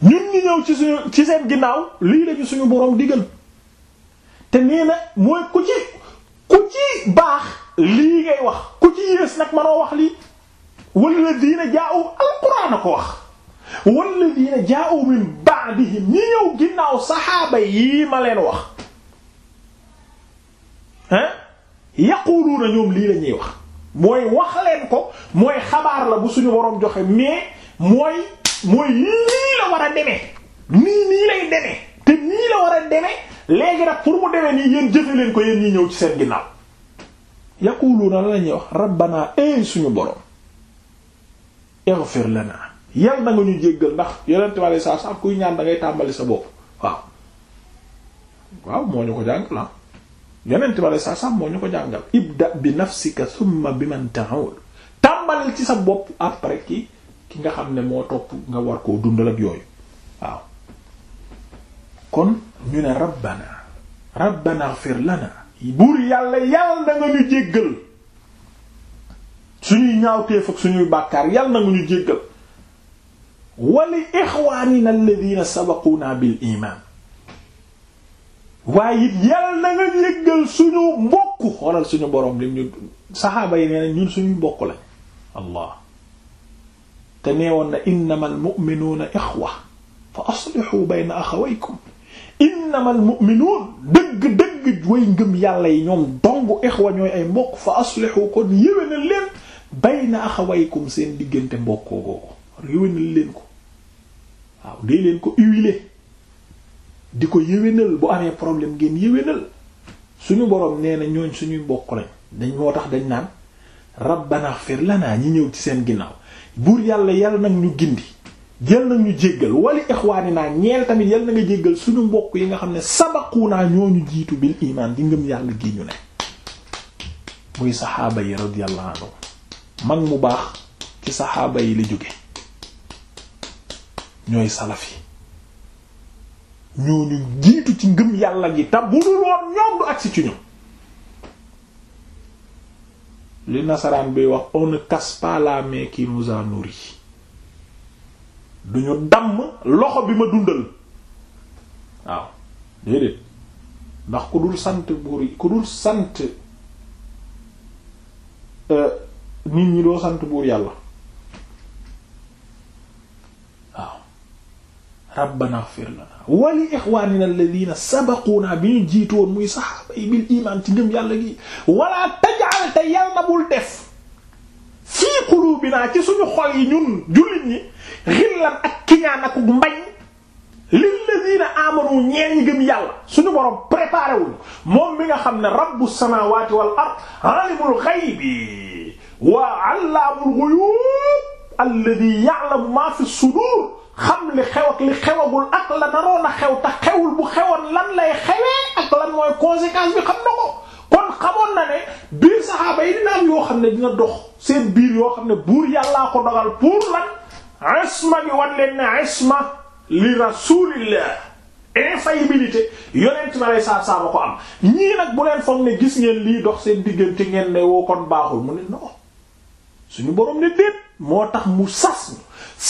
Speaker 1: ñun ñi ñëw ci suñu ci seen ginnaaw lii lañu suñu boroom digal te nee na mooy ku ci ku ci baax lii ngay wax ku ci yées nag manoo wax lii walladina jaa'u alquran ko wax walladina jaa'u min ba'dihim ñi ñëw ginnaaw saxaaba yi ma leen wax ah yaquluuna ñoom lii lañuy wax mooy wax ko mooy xabaar la bu suñu boroom joxe mais mooy mooy nii la war a demee nii nii lay demee te nii la war a demee léegi nag pour mu demee nii yéen jëfe leen ko yéen ñi ñëw ci seen ginnaaw yaquluuna la la ñuy wax rabbana ay suñu boroom ighfir lana yal na nga ñu jéggal ndax yonente wàley saa sax kuy ñaan da ngay tàmbali sa bopp waaw waaw moo ñu ko jàngal ah yonente wàley saa sax moo ñu ko jàngal ibda bi nafsika thumma bi man ta'ul tàmbali ci sa bopp après ki ki nga xam ne moo topp nga war koo dundal ak yooyu waaw kon ñu ne rabbana rabbana ighfir buur yàlla yàlla da nga ñu jéggal suñuy ñaawteef ak suñuy bàkkaar yal na ñu jéggal wali ixwaanina alladina sabaquuna bil iman waaye yal na nga jéggal suñu mbokk xoolal suñu borom lim ñu saxaaba yi na ñun suñuy mbokk lañ allah te neewoon na innama almuminuuna ixwa fa aslixuu bayna axawaykum innama almuminuun dëgg-dëgg way ngëm yàlla yi ñoom dong ixwa ñooy ay mbokk fa aslixu kon yéwénal leen bayna axawaykum seen diggante mbokkoo googu yéwénal leen ko waaw dee leen ko huiler di ko yéwénal bu amee problème ngeen yéwénal suñu boroom nee na ñooñ suñuy mbokk lañ dañ moo tax dañ naan rabbana ighfir lana ñi ñëw ci seen ginnaaw buur yàlla yàlla nag ñu gindi yàlla nag ñu jéggal wali ikhwanina ñeel tamit yàlla na nga jéggal suñu mbokk yi nga xam ne sabaquna ñooñu jiitu bil iman di ngëm yàlla gi ñu ne muy saxaaba yi radiyallahu anhu mag mu baax ci saxaaba yi la jóge ñooy salafi yi ñooñu jiitu ci ngëm yàlla gi te bu dul woon ñoom du agsi ci ñoom li nasaraan bi wax on ne casse pas la main du ñu damm loxo bi ma dundal waaw déedéet ndax ku dul sant buur yi ku dul sant euh, nit ñi doo sant buur yàlla waaw rabbana ighfir lana wa li ikhwanina bi ñu jiitoon muy saxaaba bil iman ci ngëm yàlla gi wala taj'al te yàlla na bul def fii qulubina ci suñu xol yi ñun jullit ñi xillan ak kiñaan ak mbañ lilladina amanu ñeen ñi gëm yàlla suñu borom préparé wul moom mi nga xam ne rabbu samawati wal ard alimul ghaibi waa allaamul ghuyub alladhi ya'lamu ma fi sudur xam li xew ak li xewagul ak la naroon a xew ta xewul bu xewoon lan lay xewee ak lan mooy conséquence bi xam na ko na ne biir saxaaba am yoo xam ne dina dox seen biir yoo xam ne buur yàllaa ko dogal pour lan isma bi wan leen ne isma li rasulillah infaillibilité yonent na lay saa ko am ñii nag bu leen foog ne gis ngeen lii dox seen diggante ngeen ne woo kon baaxul mu ne non suñu borom ne déet moo tax mu sas ñu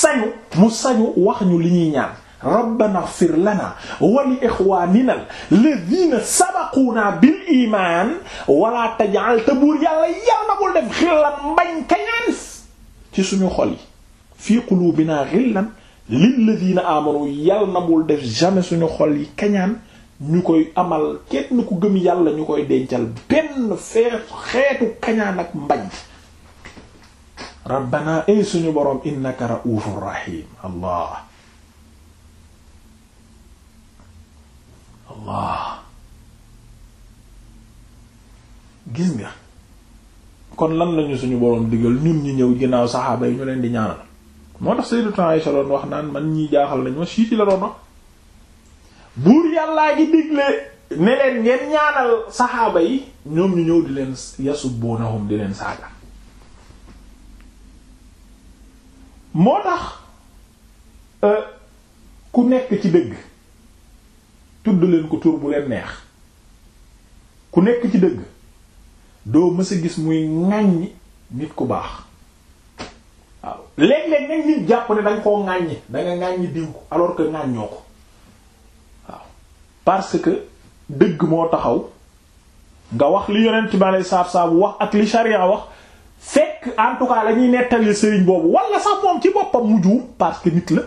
Speaker 1: sañu mu sañu wax ñu li ñuy ñaan rabbana ighfir lana wa li ikhwanina alladhina sabaquna bil iman wala taj'al te buur yàlla yàlla bul def xillan mbañ kañaanis ci suñu xol yi fii qulubina ghillan lilladhina amanu yàlla na bul def jamais suñu xol yi kañaan ñu koy amal kenn ku gëm yàlla ñu koy dencal benn feetu xeetu kañaan ak mbañ rabbana suñu boroom innaka ra'ufur rahim allah allah gis nga kon lan lañu suñu boroom digal ñun ñi ñëw ginnaaw saxaaba yi ñu leen di ñaanal moo tax sayyidatu Aisha doon wax naan man ñi jaaxal nañ ma siiti la doon wax buur yàllaa gi digle ne leen ngeen ñaanal saxaaba yi ñoom ñu ñëw di leen yasubunahum di leen saaga moo tax euh, ku nekk ci dëgg tudd leen ko tur bu leen neex ku nekk ci dëgg doo mës a gis muy ŋàññi nit ku baax waaw léeg-léeg nag nit jàpp ne danga koo ŋàññi alors que ŋàññoo ko waaw parce que dëgg moo taxaw nga wax li yonent bi alei saab saabu wax ak li sharia wax fekk en tout cas la nettali sëriñ boobu wala sax moom ci boppam mu juum parce que nit la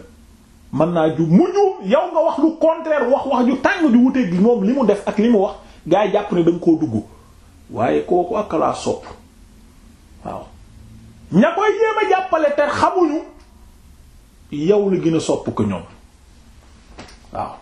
Speaker 1: mën naa ju mu juum yow nga wax lu contraire wax wax ju tàng ju wuteeg moom li mu def ak li mu wax gaa yi jàpp ne da koo dugg waaye kooku ak laa sopp waaw ña koy jéem jàppale te xamuñu yow la gën a sopp ko ñoom waaw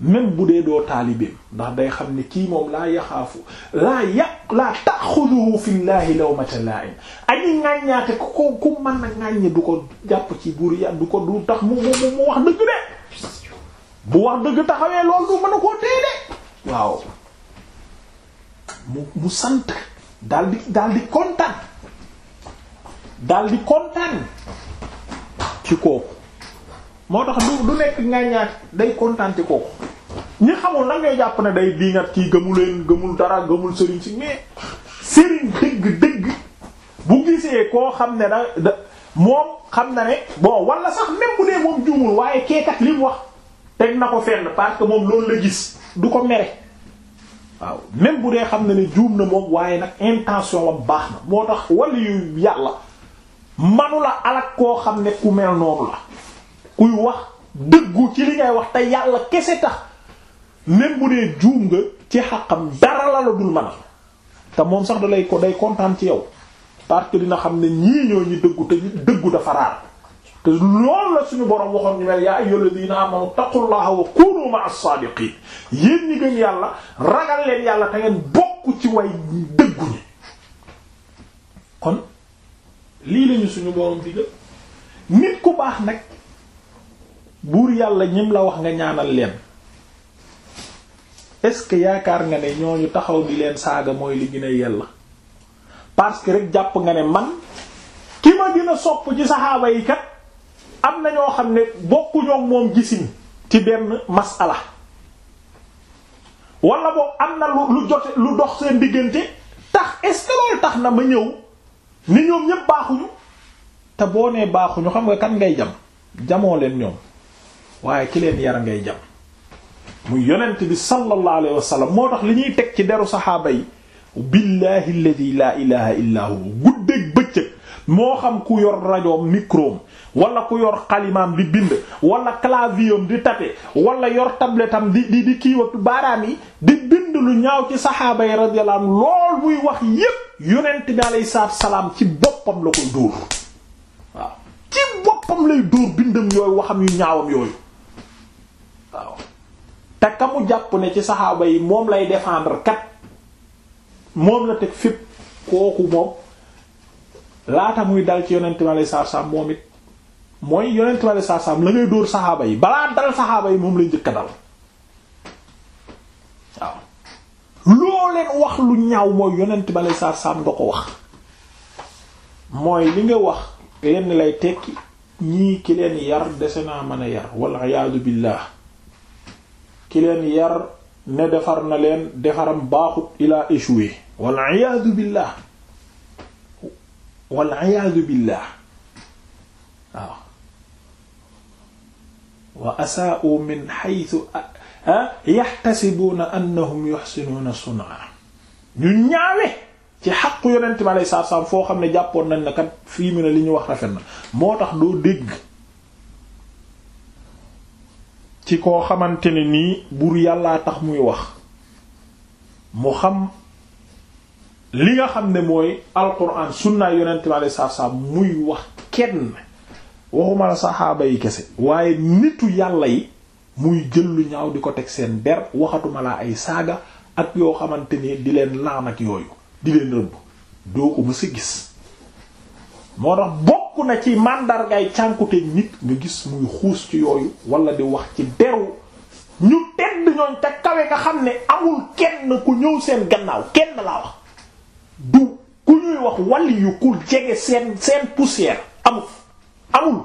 Speaker 1: même bu dee doo taalibeem ndax day xam ne kii moom laa yaxaafu laa yàq laa taxuduhu fillaahi lawmata laa'im añi ŋàññaate ku ko ku mën na ŋàññi du ko jàpp ci buur ya du ko du tax mu mu mu wax dëgg de bu sant daal di daal di kontaan daal di kontaan ci kooku moo tax du du nekk ŋàññaate day kontaan ci kooku ñi xamul nag ñooy jàpp ne day diingat kii gëmu leen gëmul dara gëmul sëriñ si mais sëriñ dëgg dëgg bu gisee koo xam ne da da moom xam na ne bon wala sax même bu dee moom juumul waaye keekat li wax teg na ko fenn parce que moom loolu la gis du ko mere waaw même bu dee xam na ne juum na moom waaye nag intention wam baax na moo tax wala yu yàlla manula alak koo xam ne ku mel noonu la kuy wax dëggu ci li ngay wax te yàlla kese tax même bu dee juum nga ci xaqam dara la la dul mën te moom sax da lay ko day kontaan ci yow parce que dina xam ne ñii ñoo ñu dëggu te dëggu dafa raar te loolu la suñu borom waxoon ñu mel yaa ayyuhal ladina amanu taqullaha wa kunu ma'as saadiqin ñi gën yàlla ragal leen yàlla te ngeen bokk ci way dëggu ñi kon lii lañu suñu borom digal nit ku baax nag buur yàlla ñim la wax nga ñaanal leen est-ce que yaakaar nga ne ñooñu taxaw di leen saaga mooy li gën a yella parce que rek jàpp nga ne man ki ma gën a sopp ci saxaaba yi kat am na ñoo xam ne bokkuñoo moom gisin ci benn masala wala boobu am na lu lu lu dox seen diggante tax est loolu tax na ma ñëw ni ñoom ñépp baaxuñu te boo nee baaxuñu xam nga kan ngay jam jamoo leen ñoom waaye ki leen yar ngay jam muy yonent bi sallallahu alayhi wa moo tax li ñuy teg ci deru saxaaba yi billahi alladi laa hu guddeeg bëccëg moo xam ku yor rajoom microom walla ku yor xalimaam di bind wala clavieram di taper wala yor tablettam di di di kiiwatu baaraam yi di bind lu ñaaw ci saxaaba yi radiyallahu anhu lool muy wax yépp yonent bi alayhi salaam ci boppam la koy dóor waaw ci boppam lay dóor bindam yooyu waxam yu ñaawam yooyu te ka mu jàpp ne ci saxaaba yi moom lay défendre kat moom la teg fépp kooku moom laata muy dal ci yonent ma lay sarsam moom it mooy yonent ma lay sarsam la ngay dóor saxaaba yi balaa dal saxaaba yi moom lay njëkk dal waaw loo leen wax lu ñaaw mooy yonent ma lay sarsam nga ko wax mooy li nga wax lenn lay tekki ñii ki leen yar dese naa mën a yar wal iyaadu billah ki leen yar ne defar na leen defaram baaxut ila échoué wal iyaadu billah wal iyaadu billah waaw wa asaa'u min haythu yaxtasibuuna annahum yuxsinuuna sun'a ñu ñaawe ci xaqu yonent bi alayhi salaatu salaam foo xam ne jàppoon nañ ne kat fii mu ne li ñu wax rafet na moo tax doo dégg ci koo xamante ne nii buur yàllaa tax muy wax mu xam li nga xam ne mooy alquran sunna yonent bi alei satu muy wax kenn waxuma la saxaaba yi kese waaye nitu yàlla yi muy jël lu ñaaw di ko teg seen der waxatuma laa ay saaga ak yoo xamante ni di leen laan yooyu di leen rëbb doo ko mës a gis moo tax bokk na ci màndargaay cànkute nit ñu gis muy xuus ci yooyu walla di wax ci deru ñu tedd ñooñ te kawe nga xam ne amul kenn ku ñëw seen gannaaw kenn laa wax du ku ñuy wax wàll yu ku jege seen seen poussière amul amul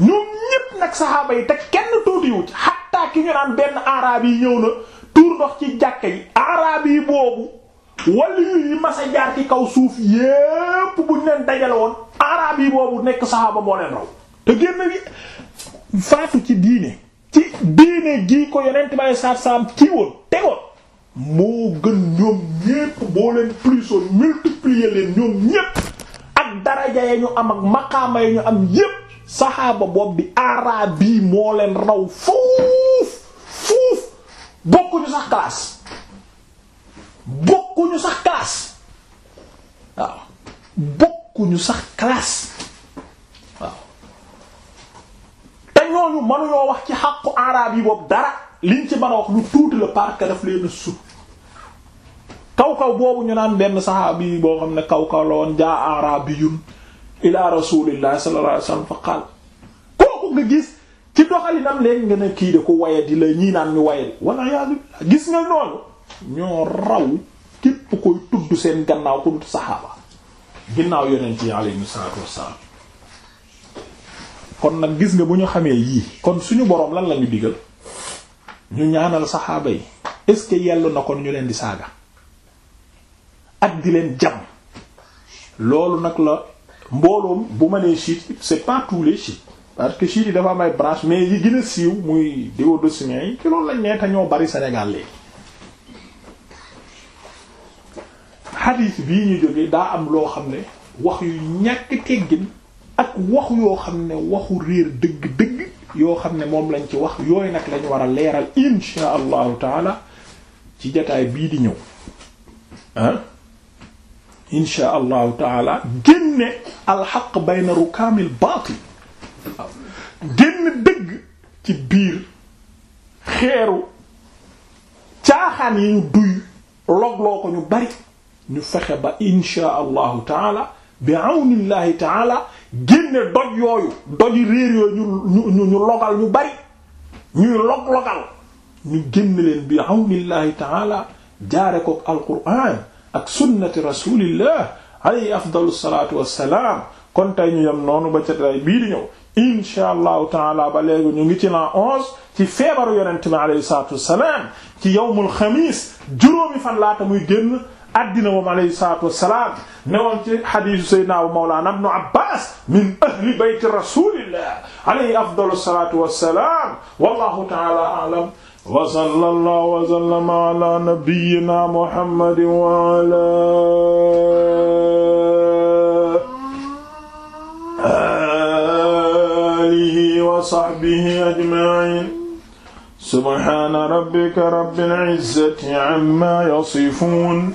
Speaker 1: ñoom ñépp nag saxaaba yi te kenn tuutiwu ci xatta ki ñu naan benn araab yi ñëw na tuur ndox ci jàkka yi araab yi boobu wàll yu yi mas a jaar ci kaw suuf yépp buñ leen dajale woon araab boobu nekk saxaaba moo leen raw te génn faatu ci diine ci diine gii ko yonent bi saat saam woon tegoon moo gën ñoom ñépp boo leen plus woon multiplier leen ñoom ñépp ak daraja ya ñu am ak maqaama ya ñu am yépp saxaaba boobu bi araab yi moo leen raw fuuf fuuf bokkuñu sax classe bokkuñu sax classe waaw bokkuñu sax classe waaw te ñooñu mënuñoo wax ci xàqu araab yi boobu liñ ci mën wax lu tuuti la parce que daf boobu ñu naan benn saxaabi boo xam ne kaw kaw la woon ila rasulillahi sallallahu alayhi wasallam fa qaal kooku nga gis ci doxalinam léegi nga ne kii de ko waye di la ñii naan ñu waye di walla yàlla gis nga loolu ñoo raw képp koy tudd seen gannaaw ko dut saxaaba ginnaaw yonent yi alayhi salaatu wassalaam kon nag gis nga bu ñu xamee yii kon suñu boroom lan lañu digal ñu ñaanal saxaaba yi est-ce que yellu na kon ñu leen di saaga ak di leen jam loolu nag la mbooloom bu ma nee chiite c'est pas tous les chiites parce que chiites yi dafa am branche mais yi gën a siiw muy déodociens yi ci loolu lañ ne te ñoo bari Sénégal léegi xadiis bii ñu jógee daa am loo xam ne wax yu ñàkk teggin ak wax yoo xam ne waxu réer dëgg-dëgg yoo xam ne moom lañ ci wax yooyu nag lañu war a leeral insha allahu taala ci jataay bii di ñëw ah insha allahu taala génne alxaq bayna rukaamil baatil génn dëgg ci biir xeeru caaxaan yi ñu duy logloo ko ñu bari ñu fexe ba insha allahu taala bi awnillahi taala génne doj yooyu doji réer yooyu ñu ñu ñu logal ñu bari ñuy log-logal ñu génne leen bi awnillahi taala jaare ko alquran ak sunnati rasulillah alayhi afdalu salatu wassalaam kon tey ñu yem noonu ba ca tey bii di ñëw insha allahu taala ba léegi ñu ngi ci la onze ci feebaru yonente bi alayhi salatu yow mu yawmul xamis juróomi fan laata muy génn addina moom alayhi salaatu wassalaam ne woon ci xadiisu sayyidina wa mawlaana ibnu Abbaas min ahli bayti rasuulillah alayhi afdalu salaatu wassalaam wallaahu ta'aala a'lam wa sallallaahu wa sallama ala nabiyyina Muhammadin wa ala aalihi wa sahbihi ajma'iin subhaana rabbika rabbil izzati amma yasifuun